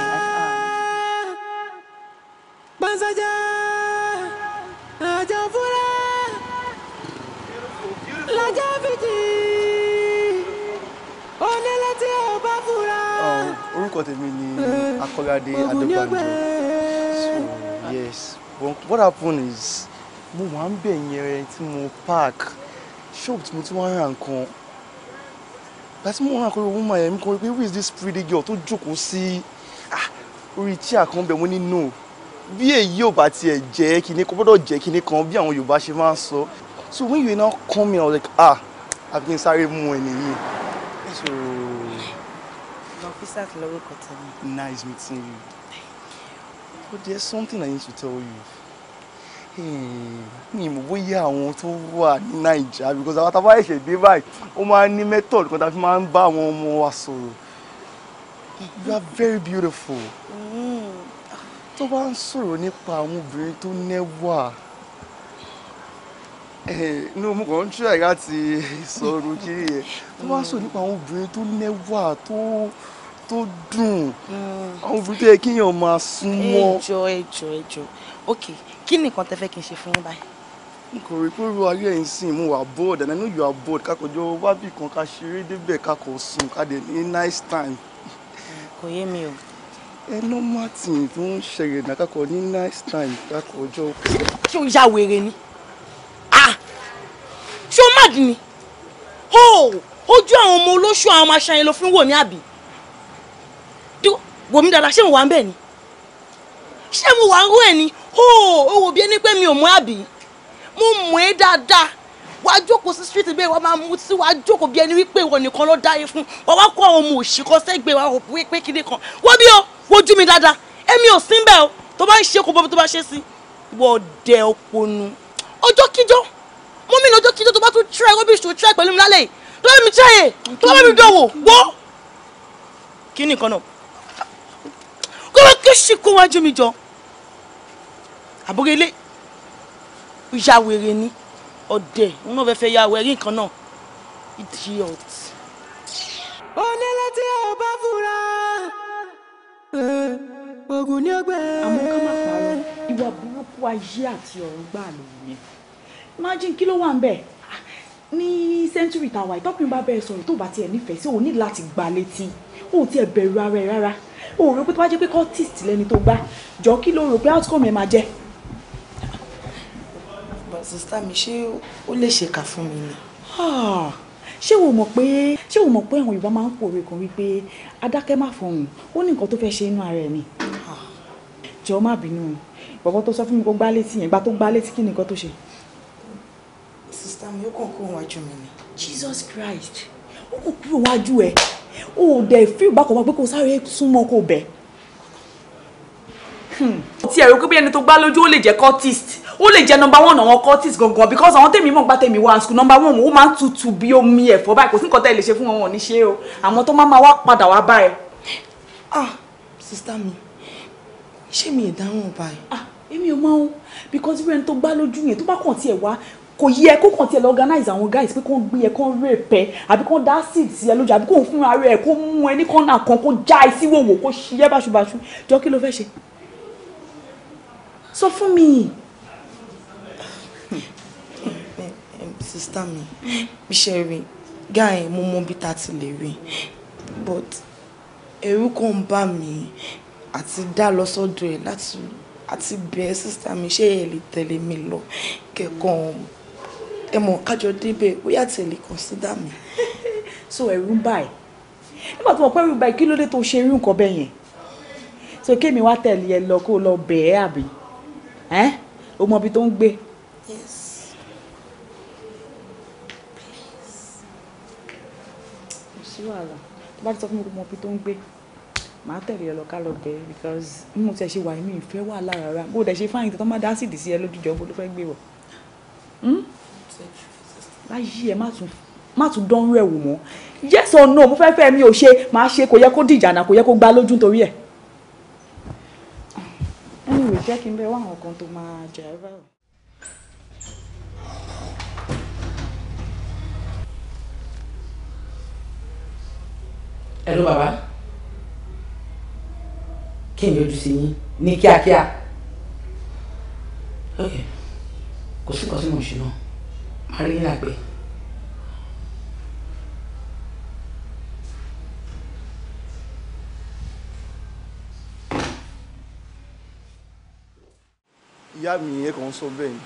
Pansaja onílé tí ó bá fúra. orúkọ tèmi ni Akọ́ládé Adébánjọ so yes what happened is mo wà ń bẹ̀ yẹn tí mo park shop tí mo ti wá ra nǹkan gbàtí mo ràn kọ́ owó máa yẹn mi kọ́ pé who is this pretty girl tó jókòó sí ah, orí chair kan bẹ̀ mo ní no bí èyí ò bá tiẹ̀ jẹ́ kinní kan gbọ́dọ̀ jẹ́ kinní kan bí àwọn Yorùbá ṣe máa ń sọ so when you now come in I was like ah àbíkí n sáré mú ẹni yìí so. Nafisat lórúkọ tẹ̀lé. Nice meeting you. But there's something I need to tell you. Hmm, mi ìmọ̀ bóyá àwọn tó wà ní nàìjíríà because àwọn tábà ẹ̀ṣẹ̀ dé báyìí ó máa ní method kan tá máa ń bá àwọn ọmọ wa sọ̀rọ̀ you are very beautiful hmm. tó bá ń sọ̀rọ̀ nípa àwọn obìnrin tó nẹ́wà eh, inú mo kàn ń try láti sọ̀rọ̀ kiri yẹn tó bá ń sọ̀rọ̀ nípa àwọn obìnrin tó nẹ́wà tó tó dùn hmm. àwọn obìnrin tó yẹ kéèyàn máa súnmọ́. ẹjọ ẹjọ ẹjọ okay kí ni nǹkan tẹ fẹ́ kí n ṣe fún yín báyìí. n kò rí pé irú ayé yìí sìn mo wà bored and i know you are bored kákòjọ wábì kan ká ṣeré débẹ̀ kákò sùn ká dé ní nice time. kò yé mi o. ẹ normal thing tó ń ṣẹlẹ̀ náà kákò ní nice time kákòjọ. ṣé o ya wèrè ni ṣé o mad ni ojú àwọn ọmọ olóṣù àwọn ọmọ aṣáyẹn ló fi ń wò mí àbí wò mí dáadáa ṣé mo wà ń bẹ̀ ni ṣé mo wà ń rú ẹ̀ ni ho o wò bí ẹni pé mi ò mú àbí mo mú ẹ dáadáa wàá jókòó sí street bẹ́ẹ̀ wàá máa mú tí wàá jókòó bí ẹni wípé ìwọ nìkan ló dá yín fún wàá wá kó àwọn ọmọ òṣì kan sẹ́gbẹ̀ẹ́ wàá rò pé kíní kan wọ́n bí o wojú mi dáadáa èmi ò sí bẹ́ẹ̀ o tó bá ń ṣe kó bọ́bí tó bá ṣe sí wọ́n dẹ ọpọnu ọjọ́ kíjọ́ mú mi ní kíjọ́ tó bá tún try rubbish tó try pẹ̀lú mi lálẹ́ yìí tó bá mi try yìí tó bá mi dọ̀wọ̀ wọ́ àbúrélé ìyá wèrè ni ọ̀dẹ̀ n náà fẹ́ẹ́ fẹ́ ya wẹ̀rí nǹkan náà idiot. onílé tí o bá fura eh, oògùn ni ó gbé. ká má parọ́ ìwà burúkú ayé àti ọ̀run gbà lòun yẹn imagine kí ló wà ń bẹ̀ ní sẹ́ńtúrì tàwa ìtọ́kùnrin bá bẹ̀rẹ̀ sọ̀rọ̀ tó bá tiẹ̀ nífẹ̀ẹ́ sí òun ní láti gbà létí òun tiẹ̀ bẹ̀rù ara ẹ̀ rárá òun rò pé tó bá jẹ́ pé cultist lẹni tó gbá jọ kí ló rò pé outcome ẹ̀ máa jẹ́ sista mi ṣé ó lè ṣèkà fún mi ni. Ah, ṣé o mọ̀ pé ṣé o mọ̀ pé àwọn Yorùbá máa ń pòwe kan wípé adákẹ́ má fọhùn ó ní nǹkan tó fẹ́ ṣe inú ara ẹ̀ ni ah. jọ̀ọ́ má bínú bọ̀bọ̀ tó sọ fún mi kó gbá létí yẹn gbá tó gbá létí kí ni nǹkan tó ṣe. sista mi ó kàn kó wájú mi ni. Jesus Christ ó kò kúrò wájú ẹ ó dẹ̀ fíìmù bákan wá pé kó sáré súnmọ́ kó bẹ̀. Hmm. tí ẹ̀rọ pé bí ẹni tó gbá lójú ó lè jẹ́ cultist ó lè jẹ́ number one àwọn cultist gangan because àwọn tèmi mọ̀ gba tèmi wá school number one ó máa ń tutù bí omi ẹ̀fọ́ báyìí kò sí nǹkan tẹ́ lè ṣe fún wọn wọn ní ṣe o àwọn tó máa máa wá padà wá báyìí. ah sista mi ṣé mi ì dáhùn báyìí. ah èmi ò mọ̀ o because irú ẹni tó gbá lójú yẹn tó bá kàn tiẹ̀ wá kò yẹ kó kàn tiẹ̀ lọ organize àwọn guys pé kó ń gbé ẹ kó ń rape ẹ àbí kó ń dá seed sí ẹ lójú àbí kó ń fún ara ẹ kó mú ẹ ní kọ́nà kan kó já ẹ sí wòwò kó ṣiyẹ́ báṣubàṣu jọ kí ló fẹ́ ṣe sọ fún mi. Sister mi bí ṣe rí guy yẹn mo mọ bí ta ti lè rí but ẹ̀rù kan ń bà mí àti dá lọ sọ́dọ̀ ẹ̀ láti àti bẹ̀ sista mi ṣé ẹ lè tẹ̀lé mi lọ kẹ̀kọ́n ẹ mọ̀ kájọ débẹ̀ bóyá tẹ̀lé consider mi. so ẹ̀rù ń bà ẹ́ nígbà tó mọ̀ pé ẹ̀rù ń bà ẹ́ kí ló dé tó ṣe irú nǹkan bẹ́ẹ̀ yẹn so kémi wá tẹ̀lé ẹ lọ kó lọ bẹ̀ ẹ́ àbí ẹ́ o mọ ibi tó ń gbé. yes sí wàhálà tó bá ti sọ fún mi pé mo fi tó ń gbé màá tẹ̀lé ẹ lọ ká lọ bẹ̀ẹ́ because bí mo ti ṣe wà mí ìfẹ́ wà lára rà bó dẹ̀ ṣe fáyìn tó má dá sídìí sí ẹ lójújọ bó ló fẹ́ gbé wọ̀ hmm? láyé ẹ má tún dánrú ẹ wò mọ́ yes or no mo fẹ́ fẹ́ mi ò ṣe màá ṣe kò yẹ kó dìjà kò yẹ kó gbá lójú nítorí ẹ̀ anyway jẹ́ kí n bẹ wá àwọn kan tó máa jẹ́ ẹ báyìí. ẹ ló bàbá kí n yọjú sí yín ní kíákíá ok kò sí nǹkan tí mò ń ṣe náà máa rí yín lágbẹ́. ìyá mi yẹn kàn ń sọ bẹ́ẹ̀ ni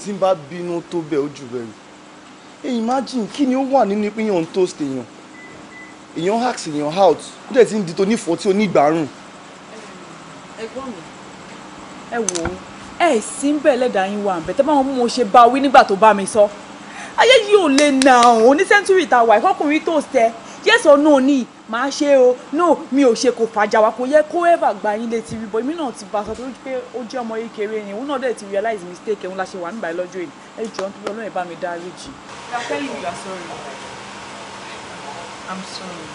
tí n bá bínú tó bẹ́ẹ̀ ó bẹ́ẹ̀ ni imagine kí ni ó wà nínú ìpínyàn tó ṣèyàn èèyàn ask èèyàn out ó dẹ̀ ti ń di tó nífọ̀ọ́ tí ó ní ìgbárùn. ẹ̀gbọ́n mi ẹ wò ó ẹ sì ń bẹ̀ lẹ́dàá yín wà bẹ́ẹ̀ tẹ́ bá wọn mú mo ṣe bá wí nígbà tó bá mi sọ ayé yìí ò lè nà ọ́ ní sẹ́ńtúrì tá wà ìkọkùnrin tó sẹ́ yes or no ni màá ṣe o no mi ò ṣe kò fàjà wa kò yẹ kó ever gba yín létí rí bọ èmi náà ti bá a sọ tó pé ó jẹ́ ọmọ yìí kéré ni òun náà dẹ̀ ti realize mistake òun la ṣe wà nígbà yìí lọ́jọ́ yìí ẹ jọ̀ọ́ nítorí Ọlọ́run ẹ bá mi dáríjì. ìyá fẹ́ ìyá sọ̀rọ̀ i'm sorry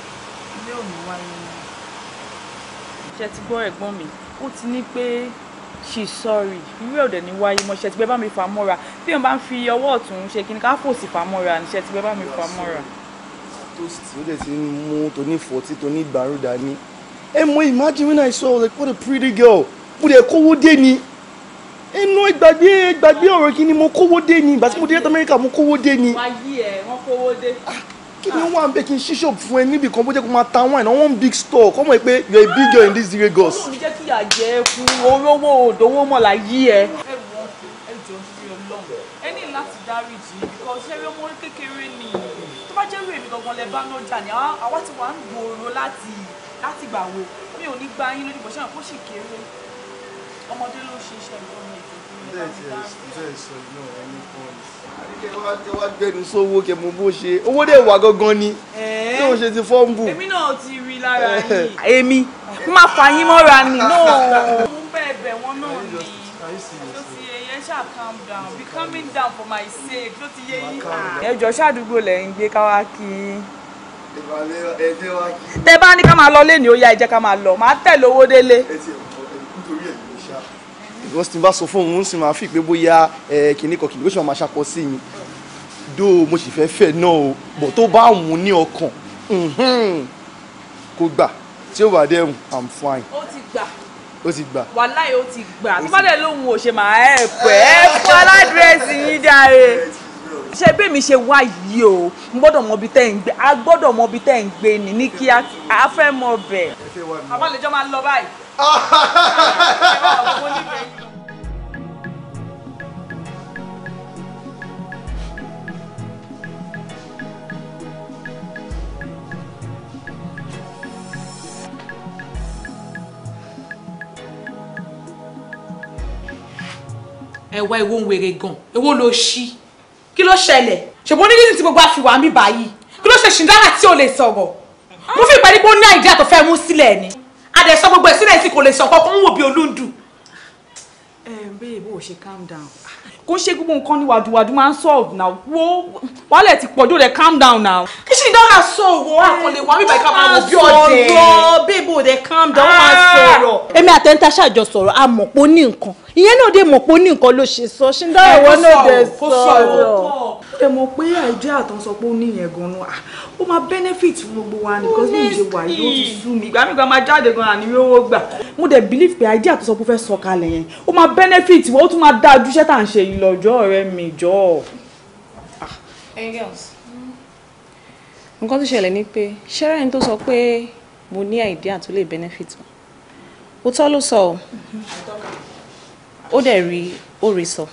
ilé ò ní wáyé mọ́. ṣe ti gbọ́ ẹ̀gbọ́n mi ó ti ní pé she sorry irú ọ̀dẹ̀ ní wáyé mọ́ ṣe ti gbẹ́ bá mi fà mọ́ra bí wọ́n bá ń fi ọwọ́ ọ̀tún ṣe kí ni ká fòsì fà mọ́ra ní ṣe ti gbẹ́ bá mi fà mọ́ra. toast ó dẹ̀ ti ń mú tóní fọtí tóní gbàrú dání ẹ mọ imagine when i saw like what a pretty girl mo dẹ̀ kówó dé ni inú ìgbàgbé ìgbàgbé ọ̀rọ̀ kí ni mo kówó dé ni ìgbà tí mo dé America mo kówó dé ni. wáyé ẹ wọn kówó dé. Ah, kí ni wà ń bẹ kí n ṣíṣọ́ fún ẹ níbi kan bó jẹ́ kó máa ta wine on one big store kọ́mọ̀ ẹ pé you are a big girl in this Lagos. ọlọ́run jẹ́ kí àjẹ́ kú orówó òdòwó mọ̀ yí ẹ. ẹ wọ ẹ jọ sí ọlọ́run ẹ ní ọmọ kékeré ni tó bá jẹ́ rèmi gangan lẹ bá nájà ni àwa ti wà ń gbòòrò láti gbà wo mi ò ní gba yín lórí bọ̀ṣẹ́ àpò sì kéré ọmọdé ló ṣe iṣẹ́ ìgbọ́n mi ètò ìgbọ́n mi. bẹ́ẹ̀ ti ẹ sọ náà ẹni pọ́ǹsì kẹ wá gbẹnu sówó kẹ mọ bó ṣe owó dẹ̀ wà gangan ni tí o ṣe ti fọ́ǹbù. èmi náà ti rí lára yìí. èmi mo máa fà yín mọ́ra ni. mo ń bẹ̀bẹ̀ wọn náà ni tó ti yẹ ṣáà calm down be calming down for my sake tó ti yẹ yín. ẹjọ ṣàdúgbò lẹ ń gbé káwá kí tẹ bá ní ká máa lọ lé ní ó yá ẹ jẹ́ ká máa lọ máa tẹ̀ lówó délé. ẹ ti ẹ̀ because tí bá sọ fún òun sì máa fi pé bóyá kìnnì kan kìnnì kó sì máa ṣàkọ sí mi dó mo sì fẹ́ fẹ́ náà o bọ̀ tó bá wù ní ọkàn mhm, kó gbà tí ó wà dé ẹ̀hún i'm fine. ó ti gbà ó ti gbà. wàláì ó ti gbà tó bá dẹ̀ lóhùn ò ṣe máa ẹ̀ pẹ́ ẹ̀ fún aládírẹ́sì yín dáre ṣe bí mi ṣe wá yìí o n gbọ́dọ̀ mọ ibi tẹ́ ń gbé a gbọ́dọ̀ mọ ibi tẹ́ ń gbé ni ní kí a fẹ́ mọ bẹ̀. àbálẹ̀jọ́ máa ń lọ báyìí ẹ wá ewo ń wèrè gan ewo ló ṣí kí ló ṣẹlẹ̀ ṣùgbọ́n onídìí tí gbogbo àfihàn mi báyìí kí ló ṣe ṣìndára tí ò lè sọ̀rọ̀ mo fi ìpàdé pé ó ní àìdí àtọ̀fẹ́ mú sílẹ̀ ni dẹ̀ sọ gbogbo ẹ̀ sílẹ̀ kò lè sọ kọ́kọ́ ń wò bí olúndù. ẹ bẹ́ẹ̀ bó ṣe calm down. kó ṣe gbogbo nǹkan ní wàdùwàdù máa ń solve now wo wàhálẹ̀ ti pọ̀jù rẹ̀ calm down now. kí ṣì ń dára sọ òwò àkànlè wà bíbá ìka máa wò bí ọ̀dẹ̀. bẹ́ẹ̀ bó o calm down wọ́n máa ah! sọ̀rọ̀. èmi àtẹ̀ntàṣà jọ sọ̀rọ̀ a mọ̀ ní nǹkan ìyẹn náà dé mọ̀ pé ó ní nǹkan ló ṣe sọ ṣe ń dá ìwọ náà dẹ̀ sọ ọ̀rọ̀. ẹ mọ̀ pé àìjẹ́ àtọ́sọ pé ó ní ìyẹn gan-an ah, ó máa benefit gbogbo wa nìkan sí ìṣe wà yóò ti sú mi ìgbà mìíràn máa jáde gan-an àní owó gbà. mo dẹ̀ believe pé àìjẹ́ àtọ́sọ pé ó fẹ́ sọ kalẹ̀ yẹn ó máa benefit wọ́n ó tún máa dá ojúṣe tá à ń ṣe yìí lọ́jọ́ ọ̀rẹ́ mi jọ. Ah. nǹkan tó ṣẹlẹ̀ ni pé ṣẹ́rẹ́ ni tó sọ pé mo ní àìdíà tó lè benefit wọn òótọ́ ló sọ ọ́ ó dẹ̀ rí òrè sọ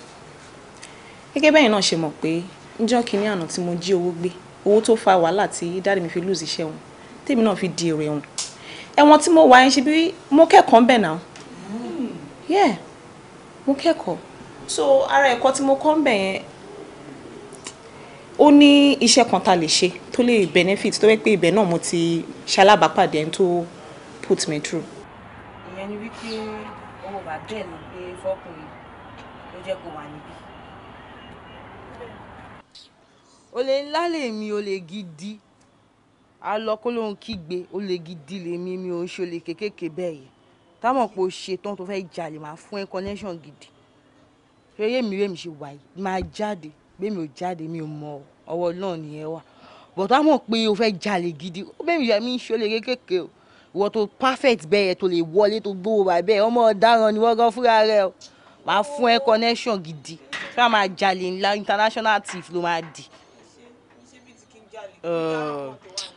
gẹ́gẹ́ bẹ́yìn náà ṣe mọ̀ pé níjọ́ kínní àná tí mo jí owó gbé owó tó fa wàhálà tí dáàdì mi fi lùzì iṣẹ́ wọn tèmi náà fi di èrò ẹ̀wọ̀n ẹ̀wọ̀n tí mo wà ẹ̀ ṣe bí mo kẹ́kọ̀ọ́ ń bẹ̀ náà yeah mo kẹ́kọ̀ọ́ so ara ẹ̀kọ́ tí mo kọ́ ń bẹ̀ yẹn ó ní iṣẹ́ kan tá lè ṣe tó lè benefit tó wẹ́ pé ibẹ̀ náà mo ti ṣalábàápàdé ẹni tó put me through. ìyẹn ni wípé owó bàbá ẹ̀ náà fọkùnrin ló jẹ́ kó wà níbí. olè ńlá lèmi olè gidi alọ́kólóhùn kígbe olè gidi lèmi mi ò ń ṣe olè kékèké bẹ́ẹ̀ yẹn táwọn pò ṣe tán tó fẹ́ jalè máa fún ẹ connection gidi ṣé mi rèmi ṣe wáyé máa jáde gbémi ò jáde mi ò mọ ọwọ́ náà nìyẹn wà bọ̀tá mọ̀ pé o fẹ́ jalè gidi ó bẹ́ẹ̀ mi yà mí ṣe olè kékèké o ìwọ tó perfect bẹ́ẹ̀ yẹn tó lè wọlé tó gbówó wà bẹ́ẹ̀ ọmọ ọ̀daràn ni wọ́n gan fúnra rẹ o máa fún ẹ connection gidi tí wọ́n máa jalè ńlá international thief ló máa di.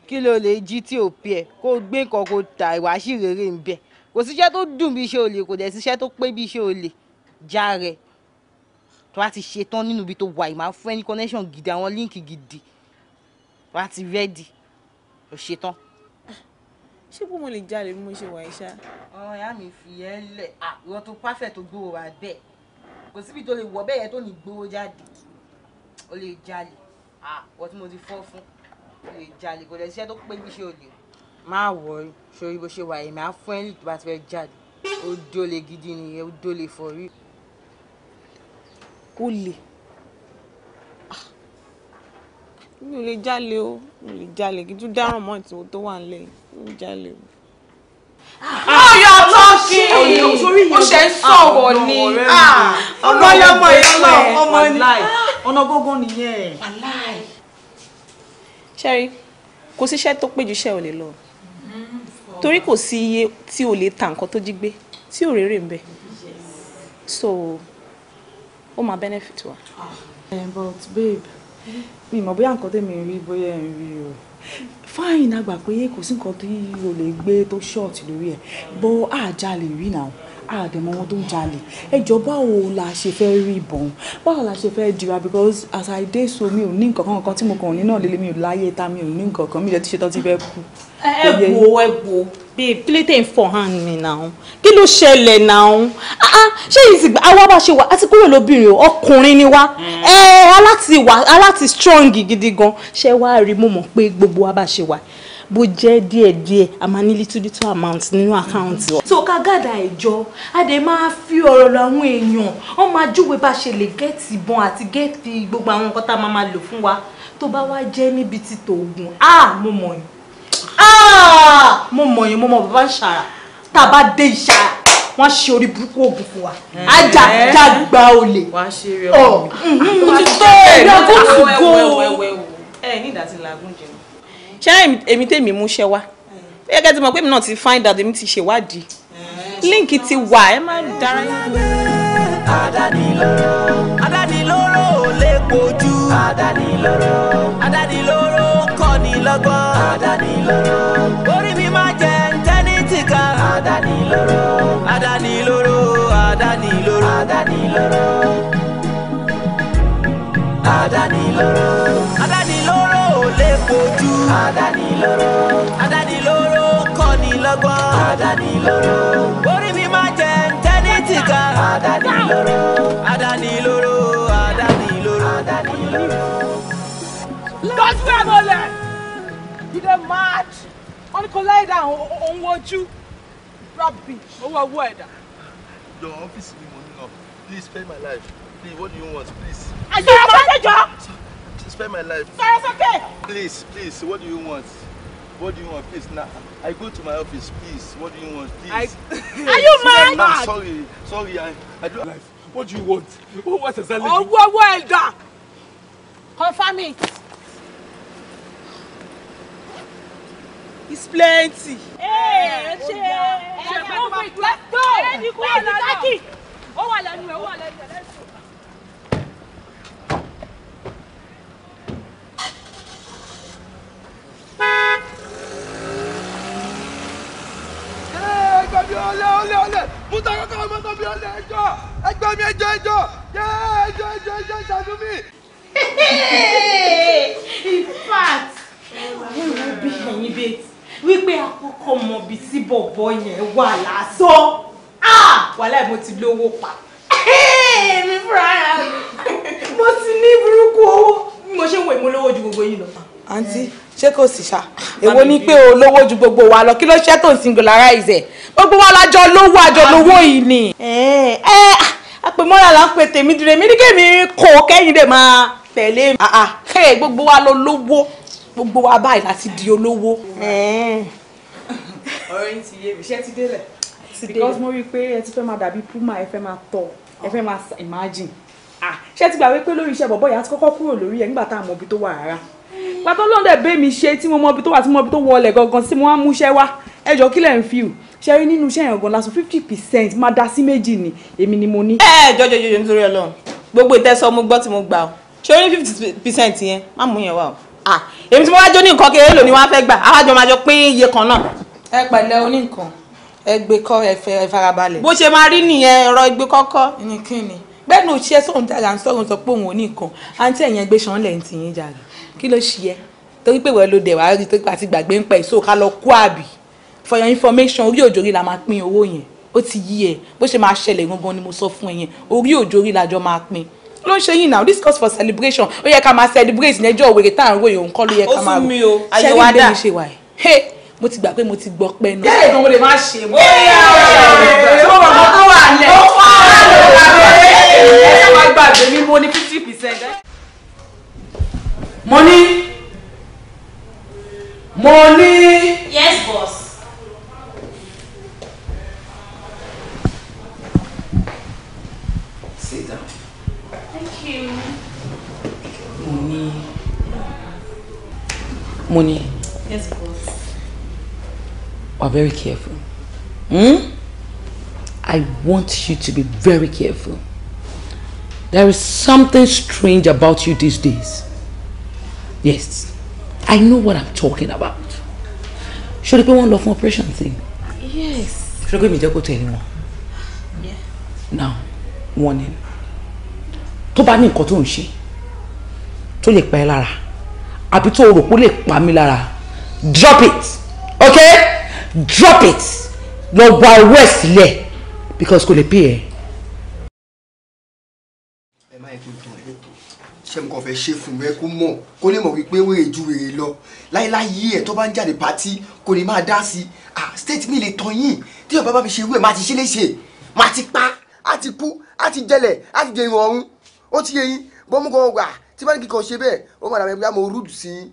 kí ló lè jí tí ò pé ẹ kó o gbé nǹkan kó ta ìwà sí rere ń bẹ kò síṣẹ́ tó dùn bí iṣẹ́ olè kò dẹ̀ síṣẹ́ tó pé bí iṣẹ́ olè já rẹ tó bá ti ṣe tán nínú ibi tó wà yìí máa fún ẹ connection gidi àwọn líǹkì gidi tó bá ti rẹ́dì ò ṣe tán ṣé bó mo lè jalè bí mo ṣe wà ṣá. ọ̀rọ̀ ìyá mi fi ẹ́ lẹ̀ àrùn tó pàfẹ́ tó gbowó wà bẹ́ẹ̀ kò síbi tó lè wọ bẹ́ẹ̀ yẹn tó ní gbowó jáde ó lè jalè àwọn tí mo ti fọ́ fún ó lè jalè kò lè tó pé bí ṣe ò lè. má wọ sórí bó ṣe wà yìí máa fún ẹ́lì tó bá ti fẹ́ jáde ó dólé gidi nìyẹn ó dólé fọrí. ó lè ah. mi ò lè jalè o mi ò lè jalè kí n tún dáràn mọ́ ìtìwó tó wà nílẹ̀ yìí ń jalè o. ọyọ tó ṣe o ṣe ń sọ̀rọ̀ ni ah, oh, ọmọ yọmọ ìlọ ọmọ ni ọ̀nà gógó nìyẹn. ṣẹ́rí kò síṣẹ́ tó péjú iṣẹ́ ò lè lọ torí kò sí iye tí o lè ta nǹkan tó jí gbé tí ò rérè ń bẹ so ó máa benefit wa. Eh, but babe mi mọ̀ bóyá nǹkan tẹ̀mí rí bóyá ẹ̀ ń rí o fine àgbà pé kò sí nǹkan tí o lè gbé tó short lórí ẹ̀ bọ́ àjálè rí náà àdèmọ wọn tó ń jalè ẹjọ́ báwo la ṣe fẹ́ rí ìbọn báwo la ṣe fẹ́ dira because as i dey so mi ò ní nǹkan kan tí mo kàn ní náà lélẹ̀ mi ò láyé ta mi ò ní nǹkan kan mi jẹ́ ti ṣe tán ti fẹ́ kú ẹ wo ẹ wo bíi pílítẹ̀ ń fọ̀ hàn mí náà kí ló ṣẹlẹ̀ náà ah, ah, ṣé ìsìgbà àwa bá ṣe wà á ti kúrò lóbìnrin o ọkùnrin ni wá mm. ẹ aláti wà aláti strong gidi gan ṣé wàá rí mo mọ̀ pé gbogbo wa bá ṣe wà bó jẹ́ díẹ̀díẹ̀ a máa ní little little amount nínú àkáǹtì wa. Mm. so ká gàdà ìjọ a dẹ̀ máa fi ọ̀rọ̀ lọ àwọn èèyàn wọ́n máa júwe bá ṣe lè gẹ́ẹ̀tì ìbọn àti gẹ́ẹ̀tì gbogbo àwọn nǹkan tá a máa máa lò fún wa tó bá wá jẹ́ níbi títò ogun ah mo mọ̀ yìí Ah! mo mọ̀ yín mo mọ̀ bàbá ń ṣàrà tá a bá dé ìṣàrà wọ́n ṣe orí burúkú ògùn fún wa mm. ajá eh? olè ọ̀ mo ti tó go. ẹ ní ìdásí làágùn jẹun. ṣé èmi tèmi mú ṣẹ wá gẹ́gẹ́ mm. tí mo pé mi náà ti find out èmi ti ṣèwádìí eh, líǹkì ti wà ẹ má dára yín. adániló adániló kojú. adánilóró. adánilóró kọ́ni lọ́gbọ́n. adánilóró. orí mi máa jẹ ntẹ́nìtì kan. adánilóró. adánilóró adánilóró. adánilóró. adánilóró. adánilóró ò lè kojú. adánilóró. adánilóró kọ́ni lọ́gbọ́n. adánilóró. orí mi máa jẹ ntẹ́nìtì kan. adánilóró. adánilóró. mọ́lẹ̀ ìdè mad wọn ni kò láyé dá òun wojú rubbish owó owó ẹ̀dá. your office ni mo ní please spare my life please what do you want please. àjọ àbájọ. spare my life. sọ̀rọ̀ sókè. please please what do you want. What do you want? Please, now nah, I go to my office. Please, what do you want? Please. Are you mad? No, sorry, sorry. I, I do life. What do you want? What, what exactly? Oh, well, well done. Confirm it. is plenty. ẹ ṣe ẹ kó fún ìtura tó ẹ ní kó wà lánàá ó wà lẹ́nu ẹ̀ ó wà lẹ́nu ẹ̀ lẹ́sùn. ẹgbẹ́ mi ọlẹ́ ọlẹ́ ọlẹ́ musa kọ́kọ́ ọmọ tó bí ọlẹ́ ẹjọ́ ẹgbẹ́ mi ẹjọ́ ẹjọ́ ẹjọ́ ẹjọ́ ẹjọ́ ṣàánú mi. in fact wọ́n rẹ̀ bí ẹ̀yin bẹ́ẹ̀ wípé akókò mọ̀bí tí bọ̀bọ̀ yẹn wà lásán wàhálà mo ti lówó pa èmi fúnra ara mi mo ti ní burúkú owó bí mo ṣe ń wo ìmúlówó ju gbogbo yìí lọ. àǹtí ṣé kò sì ṣá èwo ni pé o lówó ju gbogbo wa lọ kí ló ṣe tó ń singularize ẹ gbogbo wa lájọ lówó àjọ lówó yìí ni. ẹ ẹ àpèmọ́ra là ń pè tèmi dìre mi ní kémi kò kẹ́yìn dè máa tẹ̀lé mi. Ah, ah. gbogbo wa lọ lówó gbogbo wa báyìí láti di olówó. ọ̀rọ̀ yín ti yé mi ṣé ti délẹ̀. because mo rí i pé ẹ ti fẹ́ máa dàbí puma ẹ fẹ́ máa tọ̀ ẹ fẹ́ máa imagine ah, ṣé ti gbà wípé lórí iṣẹ́ bọ̀bọ̀ yà á ti kọ́kọ́ kúrò lórí ẹ̀ nígbà tá a mọ ibi tó wà rárá pàtó lóńdẹ̀ bẹ́ẹ̀ mi ṣe tí mo mọ ibi tó wà tí mo mọ ibi tó wọlé gangan tí mo wá mú iṣẹ́ wá ẹjọ́ kí lẹ̀ ń fi ṣe rí nínú iṣẹ́ yẹn gan lásán fifty percent máa da sí méjì ni èmi ni mo ní. ẹ jọjọ jọjọ nítorí Ọlọ́run gbogbo ìtẹsọ mo gbọ́ tí mo gbà ọ ṣe rí fifty percent yẹn má mú yẹn wá o èmi tí mo wá jó ní nǹkan kékeré lónìí wá fẹ́ gbà àwájọ máa jọ pín iye kan náà. ẹ pẹ̀lẹ́ oníkan ẹ gbé kọ́ ẹ fẹ́ ẹ farabalẹ̀. bó ṣe máa rí nìyẹn ọ̀rọ̀ ìgbé kọ́kọ́. ní kí ni bẹ́ẹ̀ni ò ṣiẹ́ sóhun dára ń sọ̀rọ̀ sọ pé òun ò ní nǹkan àǹtí ẹ̀yẹn gbé ṣan lẹ̀ ń tì yín jàre kí ló ṣiẹ́ torí pé ìwẹ́ ló dẹ̀ wàá rí torí pé àti gbàgbé ń pẹ́ ìṣó ká lọ kó àbí for your information orí òjòrí la máa pín owó yẹn ó ti yí ẹ bó ṣe máa ṣẹlẹ̀ gangan ni mo sọ fún ẹ yẹn orí òjòrí la jọ máa pín ló ń ṣe yìí now this cause for celebration ó yẹ ká máa celebrate ní ẹjọ́ òwèrè tá à ń ròyìn òun kọ́ ló yẹ ká máa rò ó fún mi o àyè wa dà ṣe wà ẹ́ mo ti gbà pé mo ti gbọ́ pẹ́ náà. yẹ́lẹ̀ gan mo lè má ṣe mọ́. tí mo mọ̀ mọ́ tó wà lẹ̀. ó fọ́ àlọ́ àgbẹ̀ ẹ̀ṣẹ̀ máa gbàgbé mi mo ní fifty percent. mo ní mo ní. yes boss. you. Moni. Moni. Yes, boss. Are very careful. Hmm? I want you to be very careful. There is something strange about you these days. Yes, I know what I'm talking about. Should it be one love for operation thing? Yes. Should I go to me? Just go anyone. Yeah. Now, warning tó bá ní nǹkan tó ń ṣe tó lè pa ẹ́ lára àbí tó rò pé ó lè pa mí lára drop it ok drop it lọ wá owó sílẹ̀ because kò lè pè ẹ́. ẹ má yẹ kí n tún ẹ ṣé mo kàn fẹ́ ṣe fún ẹ kó mọ̀ kó lè mọ̀ wípé wèrè ju wèrè lọ láéláyé ẹ̀ tó bá ń jáde pátí kò ní máa dá sí i ah state mi lè tan yín tí yóò bá bá mi ṣe irú ẹ̀ máa ti ṣe léṣe máa ti pa á ti kú á ti jẹlẹ̀ á ti jẹ ìwọ̀n ọ̀run ó ti yé yín bó mú kọ́ wà tí bá ní kíkọ́ ṣe bẹ́ẹ̀ ó padà mẹ́rin bóyá mo rúdù sí i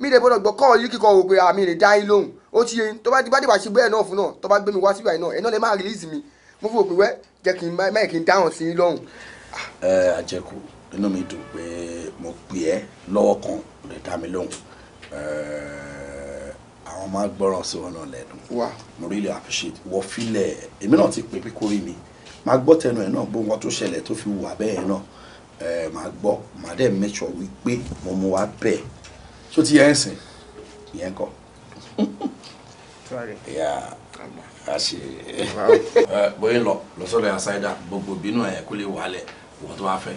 mi lè gbọ́dọ̀ gbọ́ kọ́ yìí kíkọ́ wò pé àmì lè dá yín lóhùn ó ti yé yín tó bá dìbà dìbà ṣe bẹ́ẹ̀ náà fún náà tó bá gbé mi wá síbà yìí náà ẹ̀ náà lè má release mi mo fi òpin wẹ́ jẹ́ kí n máyì kí n dáhùn sí i lọ́hùn. ẹ àjẹkù inú mi dùn pé mo pè ẹ lọ́wọ́ kan lè dá mi lóhùn àwọn máa gbọ́ràn sí wọn náà lẹ́nu mo really appreciate wọ́n filẹ̀ èmi náà ti pè pé kórìí mi máa gbọ́ tẹnu ẹ̀ náà gbóhùn wọn tó ṣẹlẹ̀ tó fi wà bẹ́ẹ̀ náà màá gbọ́ màá dẹ̀ make sure wípé mo mú wa bẹ́ẹ̀ tó ti yẹn sìn yẹn kọ́. bóyá lọ lọ́sọ̀rọ̀ yà sáyidá gbogbo bínú ẹ̀ kó lè wàálẹ̀ wọ́n tó wá fẹ́.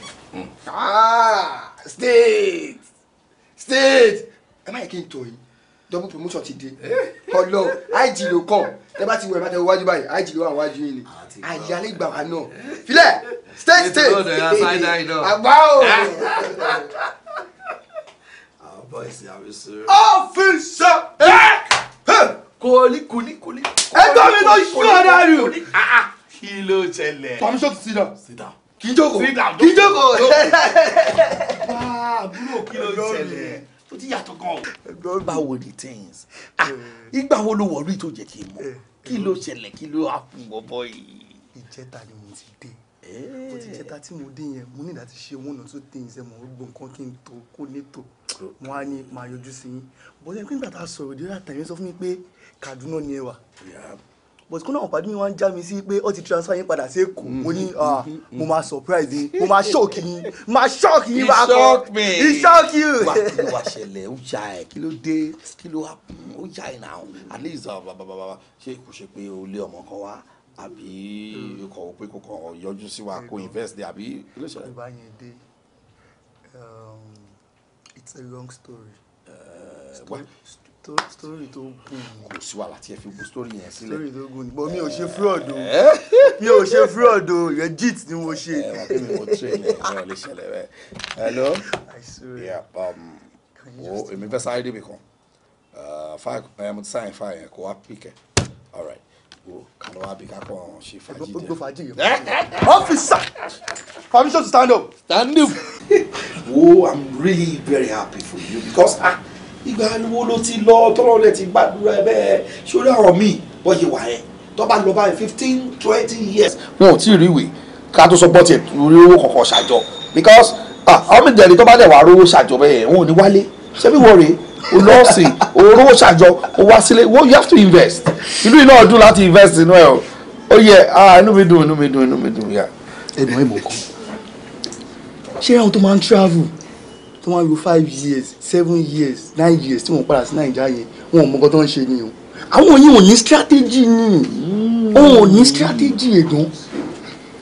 Ah, state state ẹ má yẹ kí n tó yín double promotion ti dé eh. ọlọ ig ló kàn tẹ bá ti wọ ìbátẹ wájú báyìí ig ló wà wájú yìí ni àyálé gbà wá náà filẹ stay stay àgbà o. ọfíìsì ah. eh. kòlí kòlí kòlí. ẹgbẹ́ mi ló ṣú ọ̀dà rẹ̀. kí ló ṣẹlẹ̀. permission to sit down. sit down kí n jókòó kí n jókòó. àbúrò kí ló ṣẹlẹ̀ tó ti yàtọ̀ gan o. báwo ni things ah. Ah, ìgbà wo ló wọlé tó jẹ́ kí n mọ̀ eh, kí ló ṣẹlẹ̀ kí ló hapun bọ̀bọ̀ yìí. ìjẹta ni mo ti dé eh. mo ti jẹta tí mo dé yẹn mo ní láti ṣe one or two things ẹ mọ gbogbo nǹkan kí n tó kó létò mo á ní màá yọjú sí yín bọ́dẹ̀ pé nígbà tá a sọ̀rọ̀ ìdílé àtàyè sọ fún mi pé Kaduna ni ẹ wà but kúnà àwọn mi wá ń já mi sí pé ó ti transfer yín padà sí èkó mo ní mm-hmm. Ah, mm-hmm. Mm-hmm. mo máa surprise mo máa shock yín máa shock yín bá kọ he shock you. wà kí ló ṣẹlẹ̀ ó jà ẹ̀ kí ló dé kí ló wá ó jà ẹ̀ náà at least ah, bàbàbàbà ṣé kò ṣe pé o lé ọmọ kan wá àbí ikọ̀ mm. òpè kò kàn yọjú sí wa mm. kò invest dé àbí kí ló ṣẹlẹ̀. ìbáyẹn dé um, it's a long story. Uh, story, story tó gùn. kò sí wàhálà tí ẹ fi gùn story yẹn sílẹ̀. story tó gùn ni bọ́ mi ò ṣe fraud o mi ò ṣe fraud o ni mo ṣe. ẹ wà pé mi ò train ẹ ẹ lè ṣẹlẹ̀ rẹ. hello. yeah um, o èmi fẹ́ sáré débi kan uh, fáì ẹ eh, mo ti sáyẹn fáì yẹn kó wá pìkẹ́ all right wo kàlọ́ wá bí kápọ̀ ọ̀hún ṣe fàájì díẹ̀. gbogbo fàájì yẹn. Eh, eh, officer permission to stand up. stand up. Oh, i'm really very happy for you because ah ìgbà wo ló ti lọ tọ́lọ́ rẹ̀ ti gbàdúrà ẹ bẹ́ẹ̀ sórí àwọn míì bọ́ yìí wà ẹ́ tó bá lọ báyìí fifteen twenty years. wọn ò tí ì rí ìwé ká tó sọ bọ́tì rí owó kọ̀ọ̀kan ṣàjọ because àwọn méjì ẹni tó bá dẹ̀ wà rówó ṣàjọ bẹ́ẹ̀ wọn ò ní wálé ṣebí wọ́n rèé o lọ sí o rówó ṣàjọ o wá sílé you have to invest ìlú iná ọdún láti invest inú ẹ o ó yẹ inú mi dùn inú mi dùn inú mi dùn yà. ẹ̀gbọ́n ìmọ̀ kan ṣé àwọn tó máa ń travel tí wọ́n á lo five years seven years nine years tí wọ́n padà sí nàìjíríà yẹn wọn ò mọ nǹkan tó ń ṣe ni o àwọn yìí ò strategy ni ò ní strategy ẹ̀gbọ́n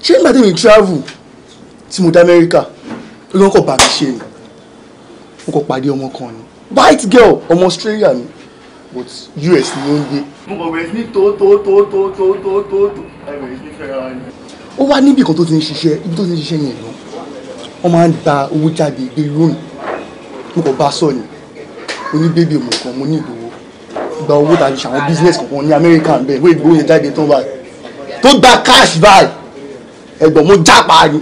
ṣé nígbà tí mi travel tí mo dé amẹ́ríkà ló ń kọ́ bá mi ṣe ni mo kọ́ pàdé ọmọ kan ni white girl ọmọ australia ni but us ni ó ń gbé. mo kàn bẹ̀rẹ̀ sí ní tó tó tó tó tó tó tó tó ẹ bẹ̀rẹ̀ sí ní fẹ́ra ni. ó wá níbì kan tó ti ń ṣiṣẹ́ ibi tó ti ń ṣiṣẹ́ yẹn lọ wọ́n máa ń gba owó jáde gbé lónìí mo kàn bá sọ ni mo ní bébì mo kàn mo ní ìdòwò gba owó tàbí ṣàwọn business kankan ní Amẹ́ríkà ń bẹ̀ wọ́n ìgbówó yẹn jáde tán báyìí tó gba cash báyìí ẹ̀gbọ́n mo jápa ni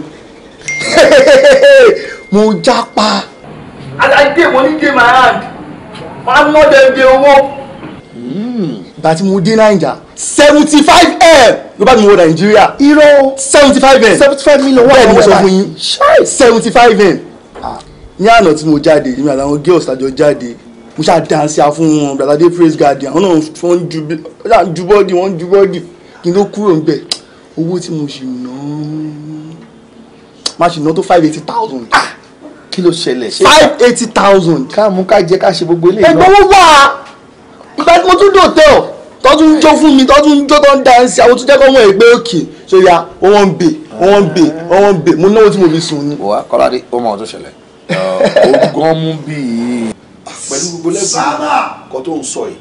mo jápa. adájúdé mo ní dé my hand máa ná dem de owó. Hmm, bàtí mo dé Naija seventy five m ló bá mi wọ Nàìjíríà irọ́ seventy five m seventy five million wà lọ́wọ́ bẹ́ẹ̀ ni mo sọ fún yín seventy five m ní àná tí mo jáde èmi àtàwọn girls àjọ jáde mo ṣáà dánsì á fún wọn bàtàdé praise garden àwọn náà wọ́n ju bọ́ọ̀dì wọ́n ju bọ́ọ̀dì kí n tó kúrò níbẹ̀ owó tí mo ṣì ná máa ṣì ná tó five eighty thousand. Ah! kí ló ṣẹlẹ̀ ṣe five eighty thousand. ká mú ká jẹ ká ṣe gbogbo eléyìí. ẹgbẹ́ owó wà á ìgbà tí mo tún dò tẹ́ ọ̀ tọ́tún ń jó fún mi tọ́tún ń jó tó ń dánsì àwọn tó jẹ́ kọ́ wọ́n ẹgbẹ́ òkè ṣe ya wọ́n ń bè wọ́n ń bè wọ́n ń bè mo náwó tí mo fi sùn ni. wà á kọ́ládé ó mọ ọdún ṣẹlẹ̀ ogun mú bí i. pẹ̀lú gbogbo lẹ́gbẹ̀ẹ́ kan tó ń sọ yìí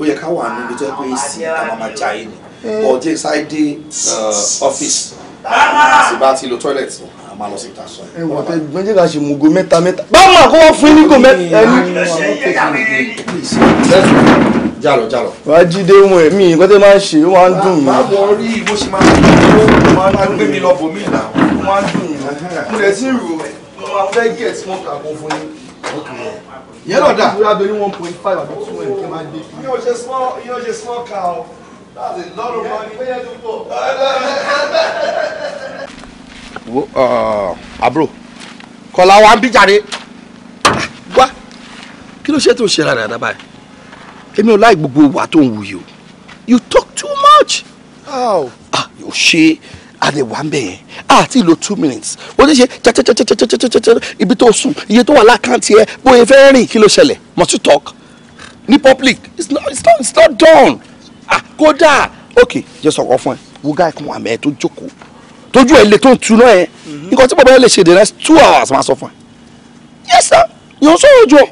ó yẹ ká wà níbi tó yẹ pé èsì àwọn ah, máa jà yìí ni ọjọ́ ìsáyédé ọ́fíìsì sì bá ti lo tọ́lẹ̀tì máa lọ sí ìta sọ yìí. ẹ wọ tẹ gbẹ́njẹ́ ká ṣe mu go mẹ́ta mẹ́ta báwo máa kó fún yín go mẹ́ta ẹni. jálọ jálọ. wà jíde ohun ẹ̀mí nǹkan tẹ́ máa ń ṣe ó máa ń dùn mí. báwo rí bó ṣe máa ń gbé mi lọ bòmí ìlà ó máa ń dùn mí mo lè sí rò ẹ máa fẹ́ gẹ̀ tí wọ́n kà kún fún yín. ìyẹn náà dà. ìwúrà bẹ ní one point five àbí two ẹ̀ kí máa dé. yóò ṣe small yóò ṣe small car o. a lot of money. àbúrò kọlá wa ń bí jáde wá kí ló ṣe tó ṣe rárá rárá báyìí èmi ò láì gbogbo wà tó ń wuyì o you talk too much. how. ah yóò ṣe é a lè wà mbẹ yẹn a ti lo two minutes wọ́n ti ṣe tẹ́tẹ́tẹ́tẹ́tẹ́tẹ́tẹ́ ibi tó sùn iye tó wà lákàntì ẹ bóyá fẹ́ rìn kí ló ṣẹlẹ̀ must you talk ní public it's not it's not it's not done ah kódà ok jẹ́ sọ̀rọ̀ fún ẹ wo guy kan àmì ẹ tó jókòó tójú ẹ lè tó ń tuná ẹ nǹkan tí bàbá yẹn lè ṣe the next two hours máa sọ fún ẹ yes sir yóò sọ̀rọ̀ jọ.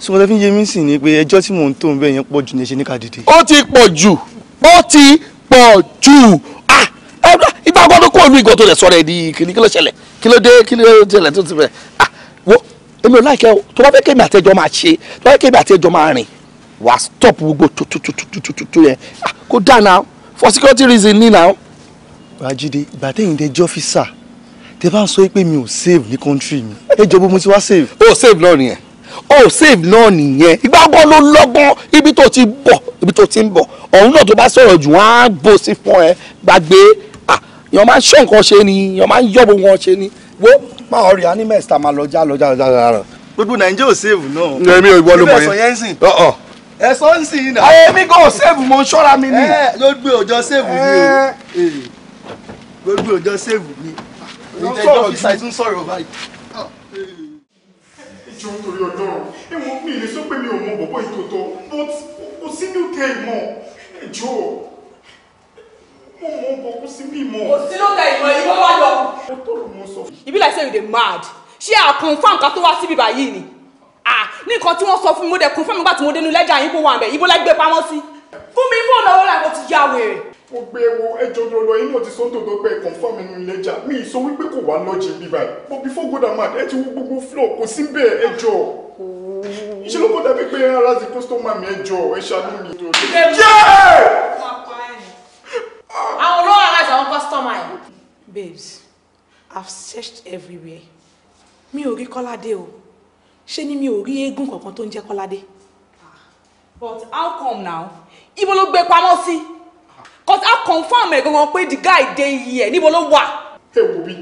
sọ̀rọ̀ tẹ́fí yé mi sì ni pé ẹjọ́ tí mò ń tó ń bẹ̀ yẹn pọ̀ jù ní ṣe ní ká ó ti pọ̀ jù ó ti pọ̀ jù kó olú ìgò tó lẹ sọ̀rọ̀ ẹ di kìnní kí ló ṣẹlẹ̀ kí ló dé kí ló ṣẹlẹ̀ tó ti bẹ ah wo èmi ò láìkẹ o tó bá fẹ́ kémi àtẹjọ máa ṣe tó bá fẹ́ kémi àtẹjọ máa rìn wà á stop gbogbo tutututututu yẹn ah kó dà náà for security reason ní náà. Bájídé gbàtẹ́yìn dé jọ́físà tẹ bá ń sọ pé mi ò save ní country mi ẹ jọ bó mo ti wá save. o save náà nìyẹn o save náà nìyẹn ìgbàgbọ́ ló lọ́gbọ́n ibi tó ti bọ̀ ibi tó ti ń bọ̀ ọ̀hún náà tó bá sọ̀rọ̀ jù wọ́n á bó sí fún ẹ gbàgbé èèyàn máa ń ṣọ́ nǹkan ṣe ni èèyàn máa ń yọ̀bù wọn ṣe ni wo máa ọ̀rì animes ta máa lọ́jà lọ́jà lọ́jà lọ́jà. gbogbo nàìjíríà ò sèèvù náà. èmi ò ìwọ ló mọ yẹn uh-uh. ẹ̀sọ́ ń sìn náà. ayé mi kò sèèvù mo ń ṣọ́ra mi ni. gbogbo òjò sèèvù mi o gbogbo òjò sèèvù mi. ìtẹ̀jọ́ fi ṣàìtún sọ̀rọ̀ báyìí ìjọ nítorí ọlọ́run ẹ̀wọ̀n mi ìlẹ́sọ́ pé mi ò mọ bọ̀bọ̀ ìtòtọ́ but kò sí ní uk mọ́ ẹ̀jọ́ mo mọ bọ kó sí mi mọ. kò sí ló tẹ ìmọ̀ ìwọ wá lọ. mo tọrọ mo sọ. ibi like say you dey mad ṣé à confam ká tó wá síbi báyìí ni ní nǹkan tí wọ́n sọ fún mi mo dẹ̀ confam nígbà tí mo dénú lẹ́jà yín kó wà bẹ̀ ibo la gbé pamọ́ sí. fún mi fóònù ọwọ́ làwọn ti ya wèrè. mo gbé ewo ẹjọ lọlọ yín náà ti sọ́ńdọ̀ tó gbẹ confam nínú lẹ́jà mi ìsọ wípé kò wá lọ́jì bíbá yìí but before God down mad ẹ ti wo gbogbo floor kò sí bẹ́ẹ̀ ẹjọ ṣe ló kó dàbí pé ara ti kọ́sítọ́mà mi ẹjọ ẹ ṣàánú mi àwọn olówó aláìsàn àwọn kọ́sítọ́mà ẹ̀. babes i've searched everywhere mi ò rí kọ́ládé o ṣé ni mi ò egun eégún kankan tó ń jẹ́ kọ́ládé. but how come now ibo lo gbé pamọ́ sí cause i confirm ẹ̀ gangan pé the guy dey here níbo lo wa. Hey wò ni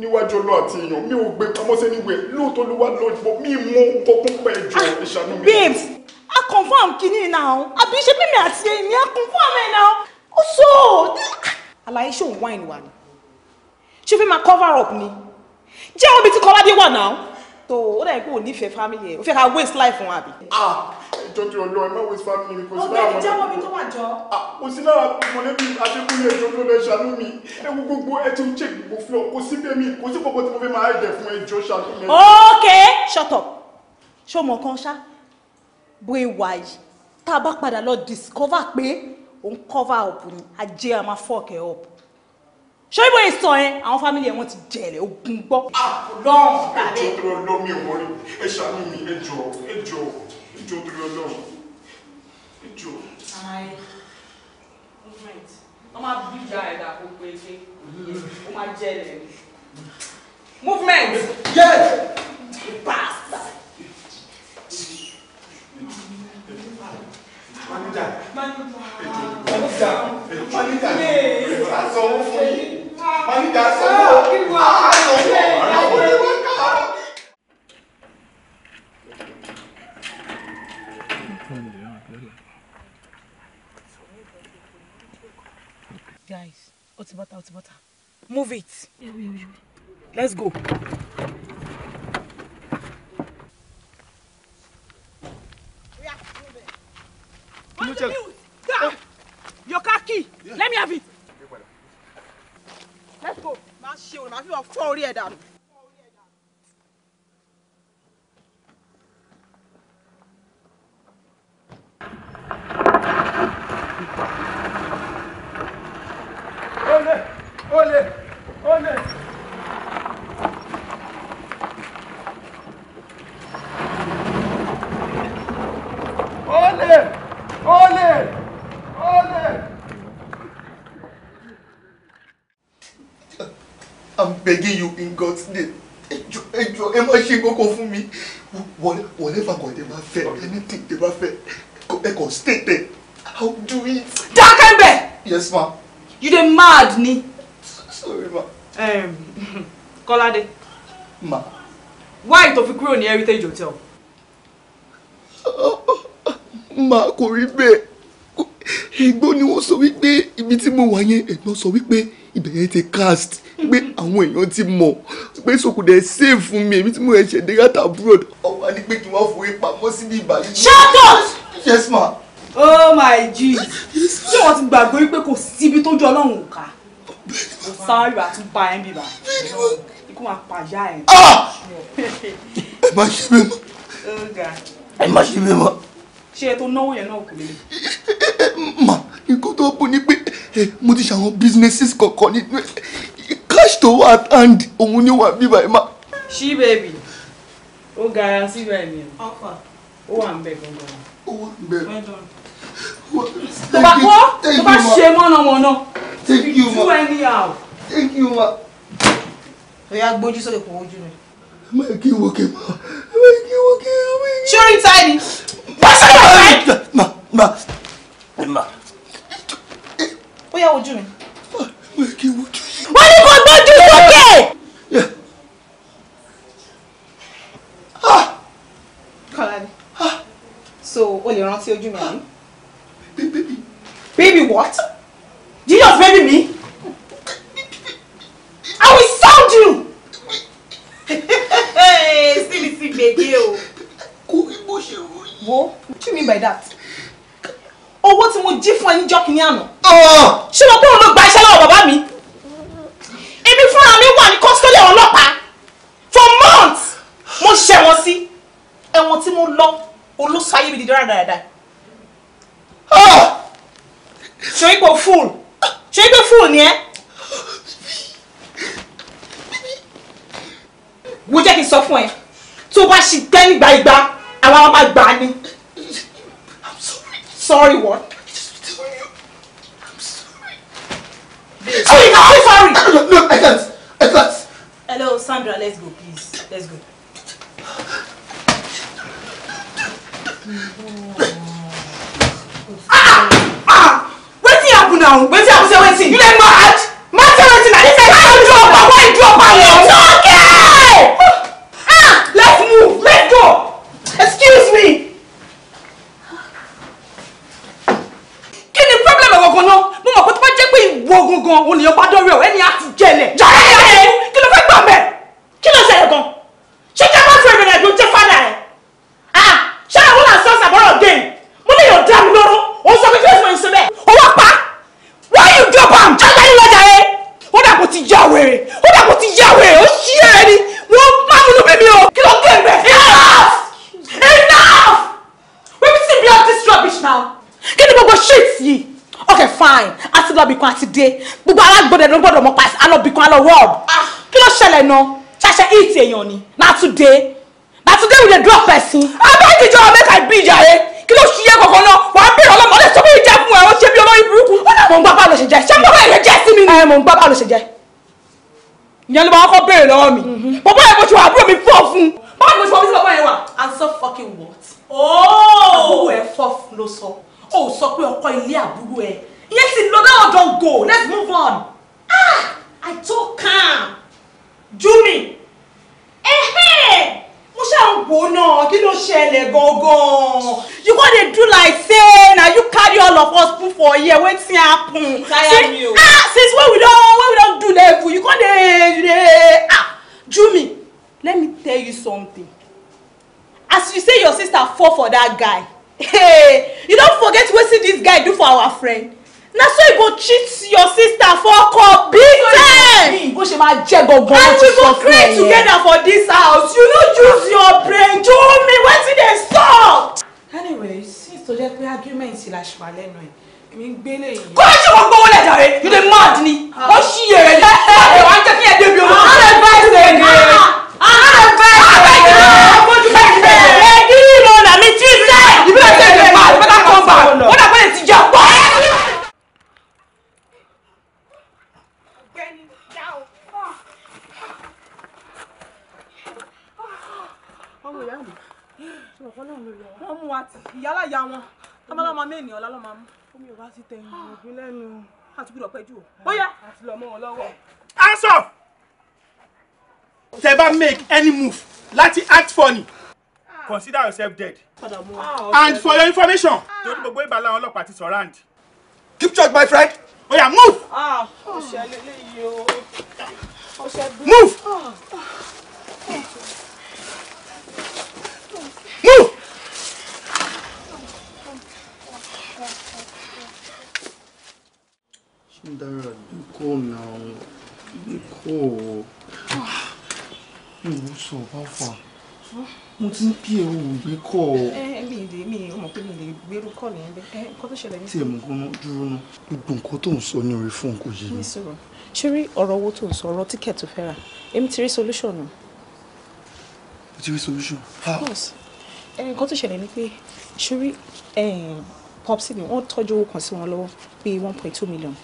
níwájú ọlọ́ àti èèyàn mi ò gbé pamọ́ sí níwẹ̀ lóòótọ́ ló wà lọ́jọ́ mi mọ nǹkan pẹ́ jọ ìṣàánú ah, mi. babes i confirm kini now. àbí ṣe pé mi ati ẹ̀yìn mi confirm ẹ̀ now no alaye ṣe òun wáìnì wa ni ṣe fi máa cover up ni jẹ́ omi tí kọ́ládé wà náà tó ó dàbí pé ò nífẹ̀ẹ́ family ẹ̀ ó fẹ́ ká waste life wọn àbí. ah jọjọ ọlọ ẹ má waste family mi kò sí lára ọgbẹni jẹ́wọ́ mi tó wà jọ. Ah, kò sí lára mọ̀lẹ́bí adékúnlé ẹjọ́ tó lọ ṣàánú mi ewu gbogbo ẹ ti ń ṣe gbogbo fún ọ kò sí bẹ́ẹ̀ mi kò sí gbogbo tí mo fẹ́ máa ẹ̀jẹ̀ fún ẹjọ́ ṣàánú mi. okay shut up ṣó mọ̀ kan ṣá bó e wà yìí tá a bá padà lọ discover pé òun cover up ni ajé a máa fork ẹ up ṣé ìbò ìsọ yẹn àwọn fámìlì ẹ wọn ti jẹlẹ ogun gbọ. àpòlọ́ọ̀n ah, tàbí. ẹjọ́ tó lọ lọ mi ò wọlé ẹ ṣàánú mi ẹjọ́ ẹjọ́ ẹjọ́ tó lọ lọ ẹjọ́. ọmọ bí ìjà ẹ̀dá kó pé ṣe ó máa jẹlẹ. movement. yes. Pass. manager manager manager asanwó fún yín manager asanwó asanwó asanwó guys otibata otibata move it let's go. kí ló ṣẹlẹ̀. Ah! Eh? your car key let me have it. let's go. máa ṣe òrò máa fi wọn fọ́ orí ẹ̀ dànù. Olè! Olè! Olè! I'm begging you in God's name ẹjọ ẹjọ ẹ má ṣe kókó fún mi whatever kan tẹ bá fẹ́ anything tẹ bá fẹ́ ẹ kàn stay there How do we? dákẹ́ bẹ̀. yes ma. you dey mad ni. sorry ma. Um, Kọ́ládé. ma. why tó fi kúrò ní heritage hotel. ma kò rí bẹ́ẹ̀ ẹ̀gbọ́n ni wọ́n sọ wípé ibi tí mo wà yẹn ẹ̀gbọ́n sọ wípé ibẹ̀ ti cast pé àwọn èèyàn ti mọ̀ pé sòkòdẹ̀ save fún mi èmi tí mo ṣe dé gata abroad ọwọ́ ni pé kí wọ́n fowó pamọ́ síbi ìbàdí. shut up. yes ma. oh my jesus ṣé wọ́n ti gbàgbé wípé kò síbi tó jọ ọlọ́run ò ká kò sáré àtúbà ẹ̀ ń bíbá ikú máa pàjá ẹ̀. Ah! ẹ má ṣe bẹ́ẹ̀ mọ́ oh ẹ má ṣe bẹ́ẹ̀ mọ́. ṣé ẹ náwó yẹn náà kò lè nǹkan tó bù ni pé eh, mo ti ṣàwọn businesses kọ̀ọ̀kan nínú ẹ̀ eh, cash tó wà at hand òun ni wà bíbá ẹ̀ máa. ṣí bèbí ó gara síbẹ̀ ni ọkọ̀ ó wà ń bẹ̀ gbọ̀ngàn. ó wà ń bẹ̀ tó kọ́ tó ṣe mọ́nàmọ́ná tú ẹni àwọ̀. thank you ma. ọ̀yà gbójú sókè kò wójú rẹ̀. má kí n wòkè má má kí n wòkè má. ṣé orí táyì. bá a ṣe yọ̀ ọ́. ma ma ma ó yá wojú mi. wọ́n ní kí n wojú yìí. wọ́n ní kó gbójú sókè. Ah! kọ́ládé ah! so o lè rántí ojú mi àbí. baby. baby what? do you just baby me? I will sound you. still see gbege o. kò rí bó ṣe rú. wo what do you mean by that? owó tí mo jí fún ẹ níjọ́ kìíní àná. ṣé mo kúrò ló gba iṣẹ́ lọ́wọ́ bàbá mi? èmi fúnra mi wà ní kọ́sítọ́lì ọlọ́pàá for months mo ṣẹ̀wọ̀n sí ẹ̀wọ̀n tí mo lọ olóṣù ayé mi di dáradára. Ah! ṣé ipò fúl ṣé ipò fúl ni ẹ? wo jẹ́ kí n sọ fún ẹ tó bá ṣì gbẹ́ nígbà igba àwọn ọmọ àgbà ni sorry what? I just I'm sorry. Babe. So you can sorry. No, no, I can't. I can't. Hello, Sandra, let's go, please. Let's go. ah! Ah! What's happening now? What's happening? You're wetin? mad. mad? Mad say wetin na? This is how you drop am. Why you drop am? You talking? pé ìwọ gangan òun nìyẹn bá dọ́rẹ́ ọ̀ ẹni á ti jẹ́lẹ̀. jàre kí ló fẹ́ gbà mẹ́ kí ló ṣẹlẹ̀ gan. kan àti dé gbogbo alágbọ̀dẹ̀ ló gbọ́dọ̀ mọ̀ pa alọ́bì kan alọ́ wọ́ọ̀bù ah. kí ló ṣẹlẹ̀ náà ṣàṣẹ ìtì èèyàn ni na today na today we dey drop person. abájíjọ mẹ́ta ìbí ìjà yẹn kí ló ṣiyẹ kankan náà wàá bẹ̀rẹ̀ ọlọ́mọ ọlẹ́sọ bí ìjà fún ẹ ó ṣe bí olórí burúkú. ó dà mọ̀ ń gbá bá lọ ṣe jẹ́ ṣé mo bá yẹ jẹ́ sí mi ni. ẹ mọ̀ ń gbá bá lọ ṣe jẹ́. ìyẹn ló máa kọ́ béèrè lọ́wọ́ mi. Mm-hmm. bàbá yẹn mo ti wà àbúrò mi fọ́ fún. báwo ni mo ti oh! fọ́ fún bàbá yẹn wà. answer fucking what. ooo àbúrò ẹ fọ́ ló sọ ó sọ pé ọkọ ilé àbúrò ẹ Yes, no, that one don't go. Let's move on. Ah, I talk calm. Jumi. Eh, hey. Mo ṣe ń wò náà, kí ló ṣẹlẹ̀ gangan? You go dey do like say now. you carry all of us put for here, wetin happen? Tire me o. Oh. Ah, since when we don't, when we don't do level, you go dey you ah. Jumi, let me tell you something. As you say your sister fall for that guy, hey, you don't forget what wetin this guy do for our friend? na so you go cheat your sister for cobitin. bó ṣe máa jẹ gbọgbọ wọn ti ẹ yẹn. and we go pray together for this house you no use your brain do me wetin dey stop. anyway since tó jẹ́ pé argument la ṣe wà lẹ́nu ẹ̀ èmi ń gbélé yìí. kó o ṣe wọn gbówó lẹ́jà rẹ̀ you dey mad ni. Ah. ó ṣí yẹrẹ ní. Eh, eh, wọ́n á eh. jẹ́ kí ẹ débi owó. wọn tọ́mọ lọ́mọ mí ènìyàn lọ́mọ mú. omi ò bá ti tẹ̀yìn ọ̀gbìn lẹ́nu. a gbúdọ̀ pẹ́jù o. Ah, bóyá a lọ mọ́ wọn lọ́wọ́. hands off bá make any move láti act funny ah. consider yourself dead ah, and for your information torí gbogbo ìbàlá àwọn ọlọ́pàá ti surround. keep church my friend oya move. ọ̀sẹ̀ lélẹ́yìí o ọ̀sẹ̀ dùn. move. move. Sundara, be cool now. Be cool. Mo sọ Mo ti ń pí ẹ̀rù gbé kọ́ ọ. Eh, eh, mi ì mi ì mọ̀ pé mi ì lè gbérú kọ́ lẹ́yìn bẹ́ẹ̀. Nǹkan tó ṣẹlẹ̀ ní. Tí èmi gbóná dúró ná. Gbogbo nǹkan tó ń sọ ní orí fóònù kò yé Ṣé rí ọ̀rọ̀ owó tó ń sọ ọ̀rọ̀ tíkẹ̀tì tó fẹ́ rà? Èmi ti rí solution ti rí solution. Of course. Eh, tó ṣẹlẹ̀ ni pé ṣé rí popsi ni wọ́n tọ́jú owó kan sí wọn lọ́wọ́ bíi one point two million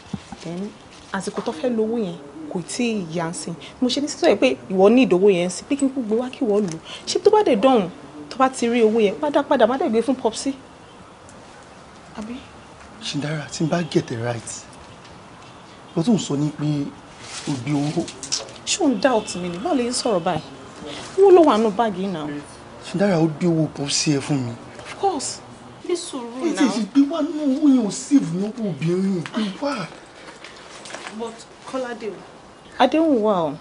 then àsìkò tó fẹ́ lówó yẹn kò tí ì yá sí mo ṣe ní sísọ yẹn pé ìwọ ní ìdówó yẹn sí pé kí n kú gbé wá kí ìwọ lò ṣé tó bá dé dọ̀hún tó bá ti rí owó yẹn padà padà má dẹ̀ gbé fún popsi. àbí. Shindara tí n bá get it right mo tún sọ ní pé o gbé owó. ṣé òun dá ọtí mi ni báwo lè ń báyìí owó ló wà nù báàgì yìí náà. Shindara ó gbé owó popsi ẹ fún mi. of course. bí sùúrù náà. ètò ìgbéwá náà owó yẹn ò save náà but kọ́ládé o. adéhùn wà o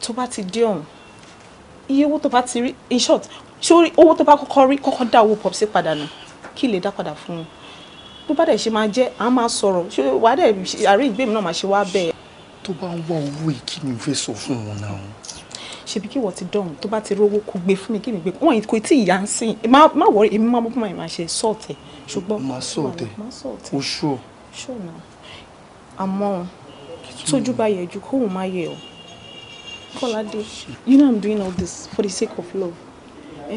tó bá ti dé ọ̀hún iye owó tó bá ti rí in short ṣé owó tó bá kọ́kọ́ rí kọ́kọ́ dá owó pọ̀pì sí padà nù kí lè dá padà fún un bó bá dẹ̀ ṣe máa jẹ́ à máa sọ̀rọ̀ ṣé wàá dẹ̀ àárín ìgbémi náà máa ṣe wá bẹ́ẹ̀. tó bá ń wá owó yìí kí ni mo fẹ́ sọ fún wọn náà ṣebí kí wọ́n ti dọ̀hún tó bá ti rówó kú gbé fún mi kí mi gbé wọ́n kò tí ì yá ń sìn má wọrí èmi má mọ́ fún mi máa ṣe sọ́ọ̀tẹ̀ ṣùgbọ́n. má sọ́ọ̀tẹ̀ oṣù ọ̀ àmọ́ tójú bá yẹ ju kóun má yẹ o Kọ́ládé you know i'm doing all this for the sake of love ẹ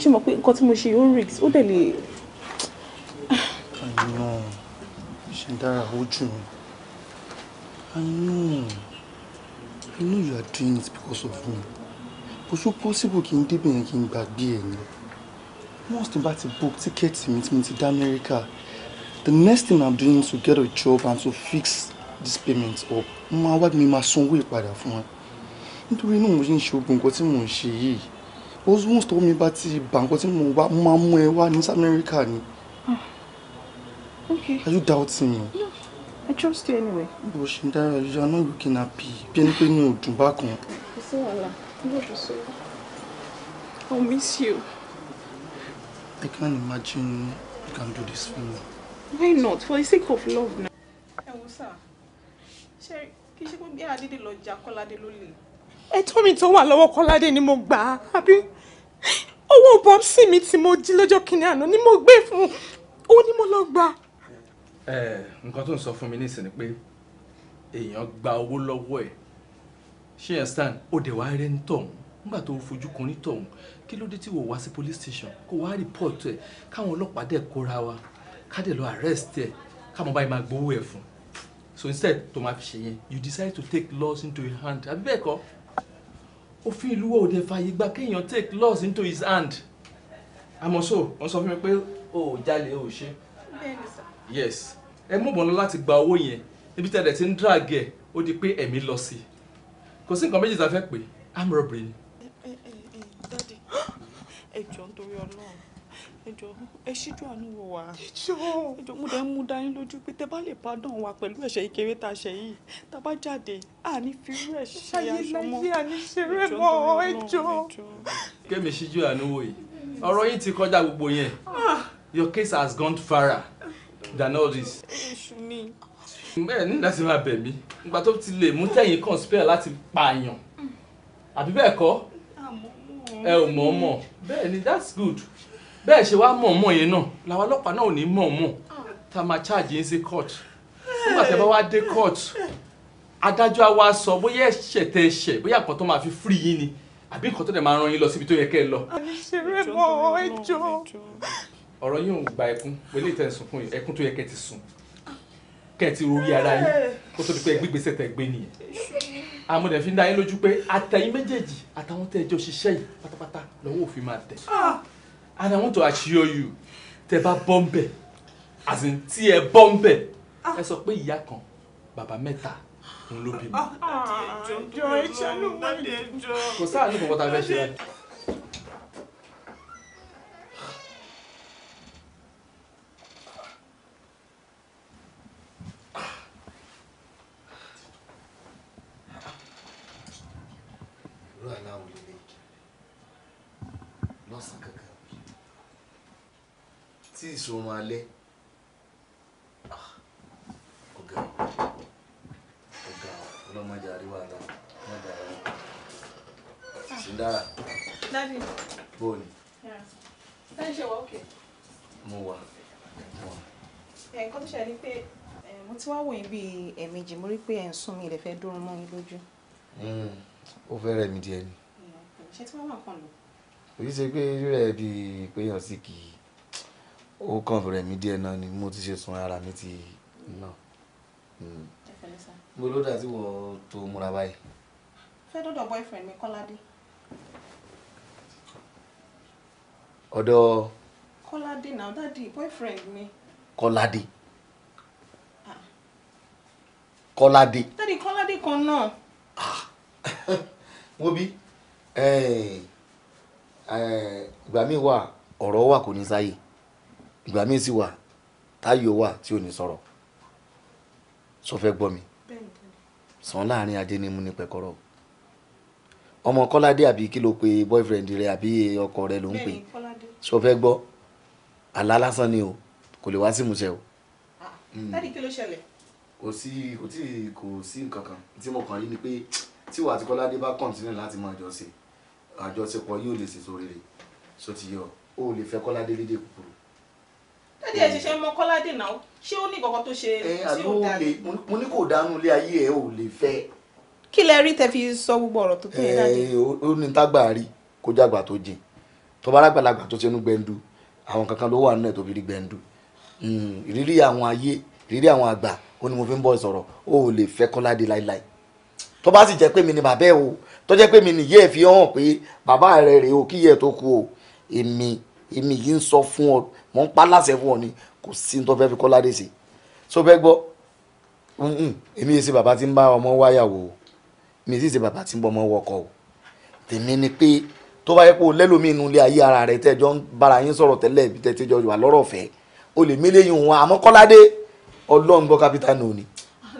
ṣé mo pé nǹkan tí mo ṣe yóò risk ó dẹ̀ lè. àná ṣe dára ojú mi àná i know you are doing it because of me kò ṣó possible kí n débẹ̀ yẹn kí n gbàgbé ẹ̀ ni once tí bá ti book tíkẹ́ẹ̀tì mi tí mo ti dá amẹ́ríkà the next thing i'm doing is to get a job and to fix this payment up mo máa wá mi máa sanwó ìpadà fún ẹ nítorí inú mo ṣe ń ṣe ogun nǹkan tí mò ń ṣe yìí osmos tó mi bá ti bà nǹkan tí mo wá máa mú ẹ wá ní south america ni. Ah, okay are you doubting me. no i trust you anyway. bó ṣe ń dára you are not looking happy bí ẹni pé mi ò dùn bákan. kò sí wàhálà mo dùn sí i i miss you. i can't imagine you can do this for me why not for the sake of love now? ẹ wo sá ṣe kí ṣe pé bí adédè lọ ja kọ́ládé ló lè. ẹ̀tọ́ mi tó wà lọ́wọ́ kọ́ládé ni mo gbà á àbí owó bọ́ọ̀sì mi tí mo jí lọ́jọ́ kìnínní àná ni mo gbé fún ó ní mo lọ gbà. ẹ nǹkan tó ń sọ fún mi nísìnyí pé èèyàn gba owó lọ́wọ́ ẹ̀ ṣé ẹ stan ó dẹ̀ wá rẹ́ ń tọ̀hún nígbà tó fojú kan ní tọ̀hún kí ló police station kó wá rìpọ́ọ̀tù ẹ̀ káwọn ọlọ́pàá dẹ̀ kóra wa ká dẹ̀ lọ arrest ẹ̀ ká mọ̀ báyìí máa gbowó ẹ̀ fún so instead tó máa fi ṣe yẹn you decide to take laws into your hand àbí bẹ́ẹ̀ kọ́ òfin ìlú wo òde fàyè gba kéèyàn take laws into his hand àmọ́ so wọ́n sọ fún mi pé o ò jalè o ò ṣe. yes ẹ mú bọ̀nà láti gba owó yẹn ibi tí ẹ̀dẹ̀ ti ń drag ẹ̀ ó di pé ẹ̀mí lọ sí i kò sí nǹkan méjì tá a fẹ́ pé arm robbery ẹ ẹ ẹ dáàdi ẹ jọ nítorí Ọlọ́run ẹjọ ẹ ṣíjú àánú wò wá ẹjọ ẹjọ mo dẹ ń mú dání lójú pé tẹ bá lè pardon wa pẹ̀lú ẹ̀ṣẹ̀ ìkéré tá a ṣe yìí tá a bá jáde a ní firú ẹ ṣe aṣọ mọ ayé àní ṣeré mọ ẹjọ. kẹ́mi ṣíjú àánú wò yìí ọ̀rọ̀ yìí ti kọjá gbogbo yẹn ah. your case has gone farther than all this. èṣù ni. bẹ́ẹ̀ ní láti máa bẹ̀ mí ìgbà tó ti lè mú tẹ̀yìn conspire láti pààyàn àbí bẹ́ẹ̀ kọ́ ẹ ò mọ̀ ọ́ mọ̀ bẹ́ẹ̀ ni that's good bẹ́ẹ̀ ṣe wá mọ̀ọ́mọ̀ yẹn náà làwọn ọlọ́pàá náà ò ní mọ̀ọ́mọ̀ tá a máa ṣáàjì yín sí court nígbà tí a bá wá dé court adájọ́ á wá sọ bóyá ẹ̀ṣẹ̀ tẹ ẹ̀ṣẹ̀ bóyá nǹkan tó máa fi free yín ni àbí nǹkan tó dẹ̀ máa ran yín lọ síbi tó yẹ kẹ́ ẹ lọ. ṣeré mọ ẹjọ́. ọ̀rọ̀ yóò gba ẹkún pẹ̀lú ìtẹ̀sùnkún ẹkún tó yẹ kẹ́ ti sùn kẹ́ ti rori ara yín kó tó di pé gbígbèsè tẹ̀ gbé nìyẹn. àmọ́ dẹ̀ fi ń dá yín lójú pé àtẹ̀yìn méjèèjì àtàwọn tẹ́ ẹjọ́ ṣiṣẹ́ yìí pátápátá lọ́wọ́ òfin máa tẹ̀ and i want to assure you tẹ bá bọ́ ń bẹ̀ as in tí ẹ bọ́ ń bẹ̀ ah. ẹ sọ pé ìyá kan bàbá mẹ́ta ń ló bímọ. Ah, ah, kò sáà ní kòkòtà fẹ́ ṣe rẹ̀. oorun alẹ́ ah, ọ̀gá ọ̀gá ọlọ́mọdé àríwá àlá ọmọdé àríwá sindara bóòni mo wà nǹkan tó ṣẹlẹ̀ ni pé mo ti wá wò yín ẹ̀ẹ̀mejì mo rí pé ẹ̀ ń sún mi ìrẹ̀fẹ́ dúró mọ́ yín lójú. Hmm. ó fẹ́ rẹ̀ díẹ̀ ni. ṣé tí wọ́n wà kàn lọ. òyìnbó ṣe pé rírẹ̀ bíi péyàn sí kì í O kàn fẹ́rẹ̀ mí díẹ̀ náà ni mo ti ṣe sun ara mi ti náà. Hmm. mo ló dà sí wọ́n tó múra báyìí. fẹ́ dọ́dọ̀ boyfriend mi kọ́ládé. ọ̀dọ̀. kọ́ládé náà dádì boyfriend mi. kọ́ládé. Ah. kọ́ládé. dádì kọ́ládé kan náà. Ah. wo bí ìgbà míì wà ọ̀rọ̀ wà kò ní sáyè ìgbà míì sì wà táyò wà tí ò ní sọ̀rọ̀ sọ fẹ́ gbọ́ mi sàn láàrin adé ni mo ní pẹ̀kọ́rọ̀ ọmọ kọ́ládé àbí kí ló pe boyfriend rẹ àbí ọkọ rẹ ló ń pè sọ fẹ́ gbọ́ àlá lásán ni o kò lè wá sí ìmúṣẹ o. láti ah, kí ló ṣẹlẹ̀. kò sí kò tí kò sí nǹkan kan tí mo kàn yí ni pé tí wàá ti kọ́ládé bá kọ̀ǹtínú láti máa jọ àjọṣepọ̀ yóò lè ṣètò rere sọ ti yọ o ò lè fẹ́ kọ́ládé lédè kúkúrú dádì ẹ ṣẹ̀ṣẹ̀ mọ kọ́ládé náà ṣé ó ní kankan tó ṣe eh, tí ò dáa ni. mo ní kò dánú ilé ayé ẹ ò lè fẹ́. kí lẹ rí tẹ fi sọ gbogbo ọ̀rọ̀ tó tó yẹn dádì. Eh, ó ní tágbà rí kó jágbà tó jìn tó bá rágbàlagbà tó ṣẹnu gbẹndu àwọn kankan ló wà nílẹ̀ tó fi rí gbẹndu hmm, ìrírí àwọn ayé ìrírí àwọn àgbà ó ní mo fi ń bọ̀ sọ̀rọ̀ ó lè fẹ́ kọ́ládé láíláí tó sì jẹ́ pé mi ni bàbá ẹ o tó jẹ́ pé mi nìyẹ́ ẹ̀ fi hàn pé bàbá rẹ̀ rèé o kíyẹ̀ tó kú o èmi èmi yìí ń sọ fún ọ mọ̀ ń pa láṣẹ fún ọ ni kò sí ní tó fẹ́ fi kọ́ ládé sí so fẹ́ gbọ́ èmi yìí ṣe bàbá tí ń bá ọmọ wáyàwó mi sì ṣe bàbá tí ń bọ́ ọmọ wọkọ̀ o tèmi ni pé tó bá yẹ kó lẹ́lòmíì inú ilé ayé ara rẹ tẹ́jọ́ ń bára yín sọ̀rọ̀ tẹ́lẹ̀ ibi tẹ́tí jọ wà lọ́rọ̀ fẹ́ o lè mélé yín wọn àmọ́ kọ́ládé ọlọ́run gbọ́ kápítà náà ni.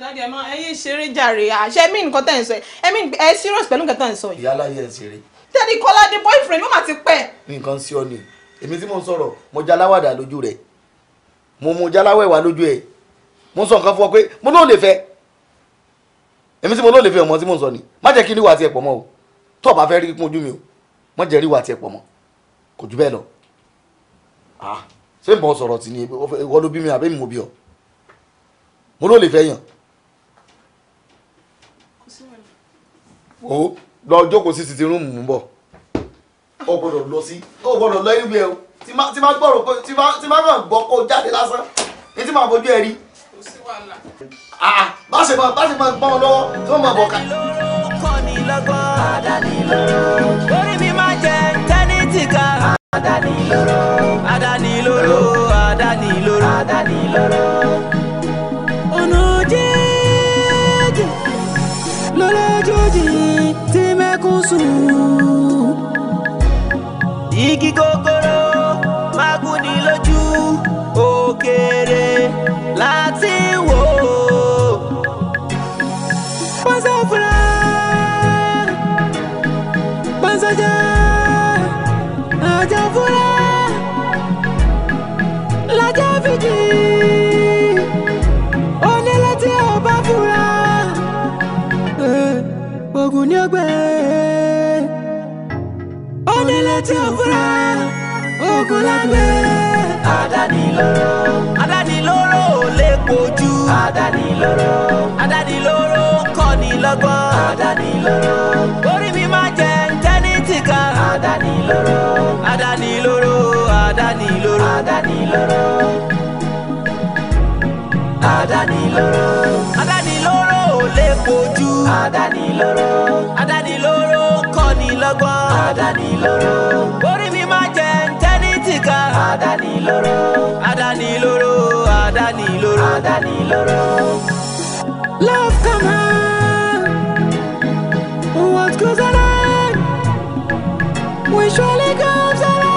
dájú ẹ mọ ẹyẹ ṣeré jàre àṣẹ mí nǹkan tẹ̀ ń sọ ẹ mí ẹ serious pẹ̀lú nǹkan tẹ̀ ń sọ yìí. ìyá aláyẹ ẹ ṣeré èmi tí mo ń sọ̀rọ̀ mo jaláwàdà lójú rẹ̀ mo mu jaláwẹ̀wà lójú ẹ̀ mo sọ nǹkan fún ọ pé mo náà lè fẹ́ èmi tí mo náà lè fẹ́ ọmọ tí mo ń sọ ni má jẹ́ kí níwà tiẹ̀ pọ̀ mọ́ o tó o bá fẹ́ rí kún ojú mi o má jẹ́ ríwà tiẹ̀ pọ̀ mọ́ kò jù bẹ́ẹ̀ lọ ṣé n bọ̀ sọ̀rọ̀ tì ní ìwọ ló bí mi àbí mi mo bí ọ mo náà lè fẹ́ yàn o lọ jókòó sí ti rúùmù mú bọ̀ o gbọ́dọ̀ lọ sí o gbọ́dọ̀ lọ irú ẹ o tí má gbọ́rọ̀ pé tí má gbọ́rọ̀ gbọ́ kó jáde lásán ní tí màá fojú ẹ rí. bá ah, ah, ṣe máa bá ṣe máa gbọ́n lọ́wọ́ tí wọ́n máa bọ̀ ká. kọ́ni mi máa jẹ tẹ́nítì ká. àdáni lóró àdáni lóró àdáni lóró àdáni lóró. ọ̀nà jíjìn lọ́lọ́jọ́jì igi gogoro maguni lójú òkèrè láti wò ó. pọ́sọ̀fúnra pọ́sọ̀jà àjọ fúnra lájà fìdí. onílé tí ọba fúnra ogun ní ọgbẹ́ délé tí ò fura ogun lágbẹ́. àdánilóró. àdánilóró ò lè kojú. àdánilóró. àdánilóró ń kọ́ ni lọ́gbọ́n. àdánilóró. orí mi máa jẹ tẹ́nìtì kan. àdánilóró. àdánilóró àdánilóró. àdánilóró. àdánilóró. àdánilóró ò lè kojú. àdánilóró. àdánilóró mi lọ́gbọ́n. Adánilóró. Orí mi máa jẹ ntẹ́nìtì kan. Adánilóró. Adánilóró. Adánilóró. Adánilóró. Love come on. What goes around? We surely comes around.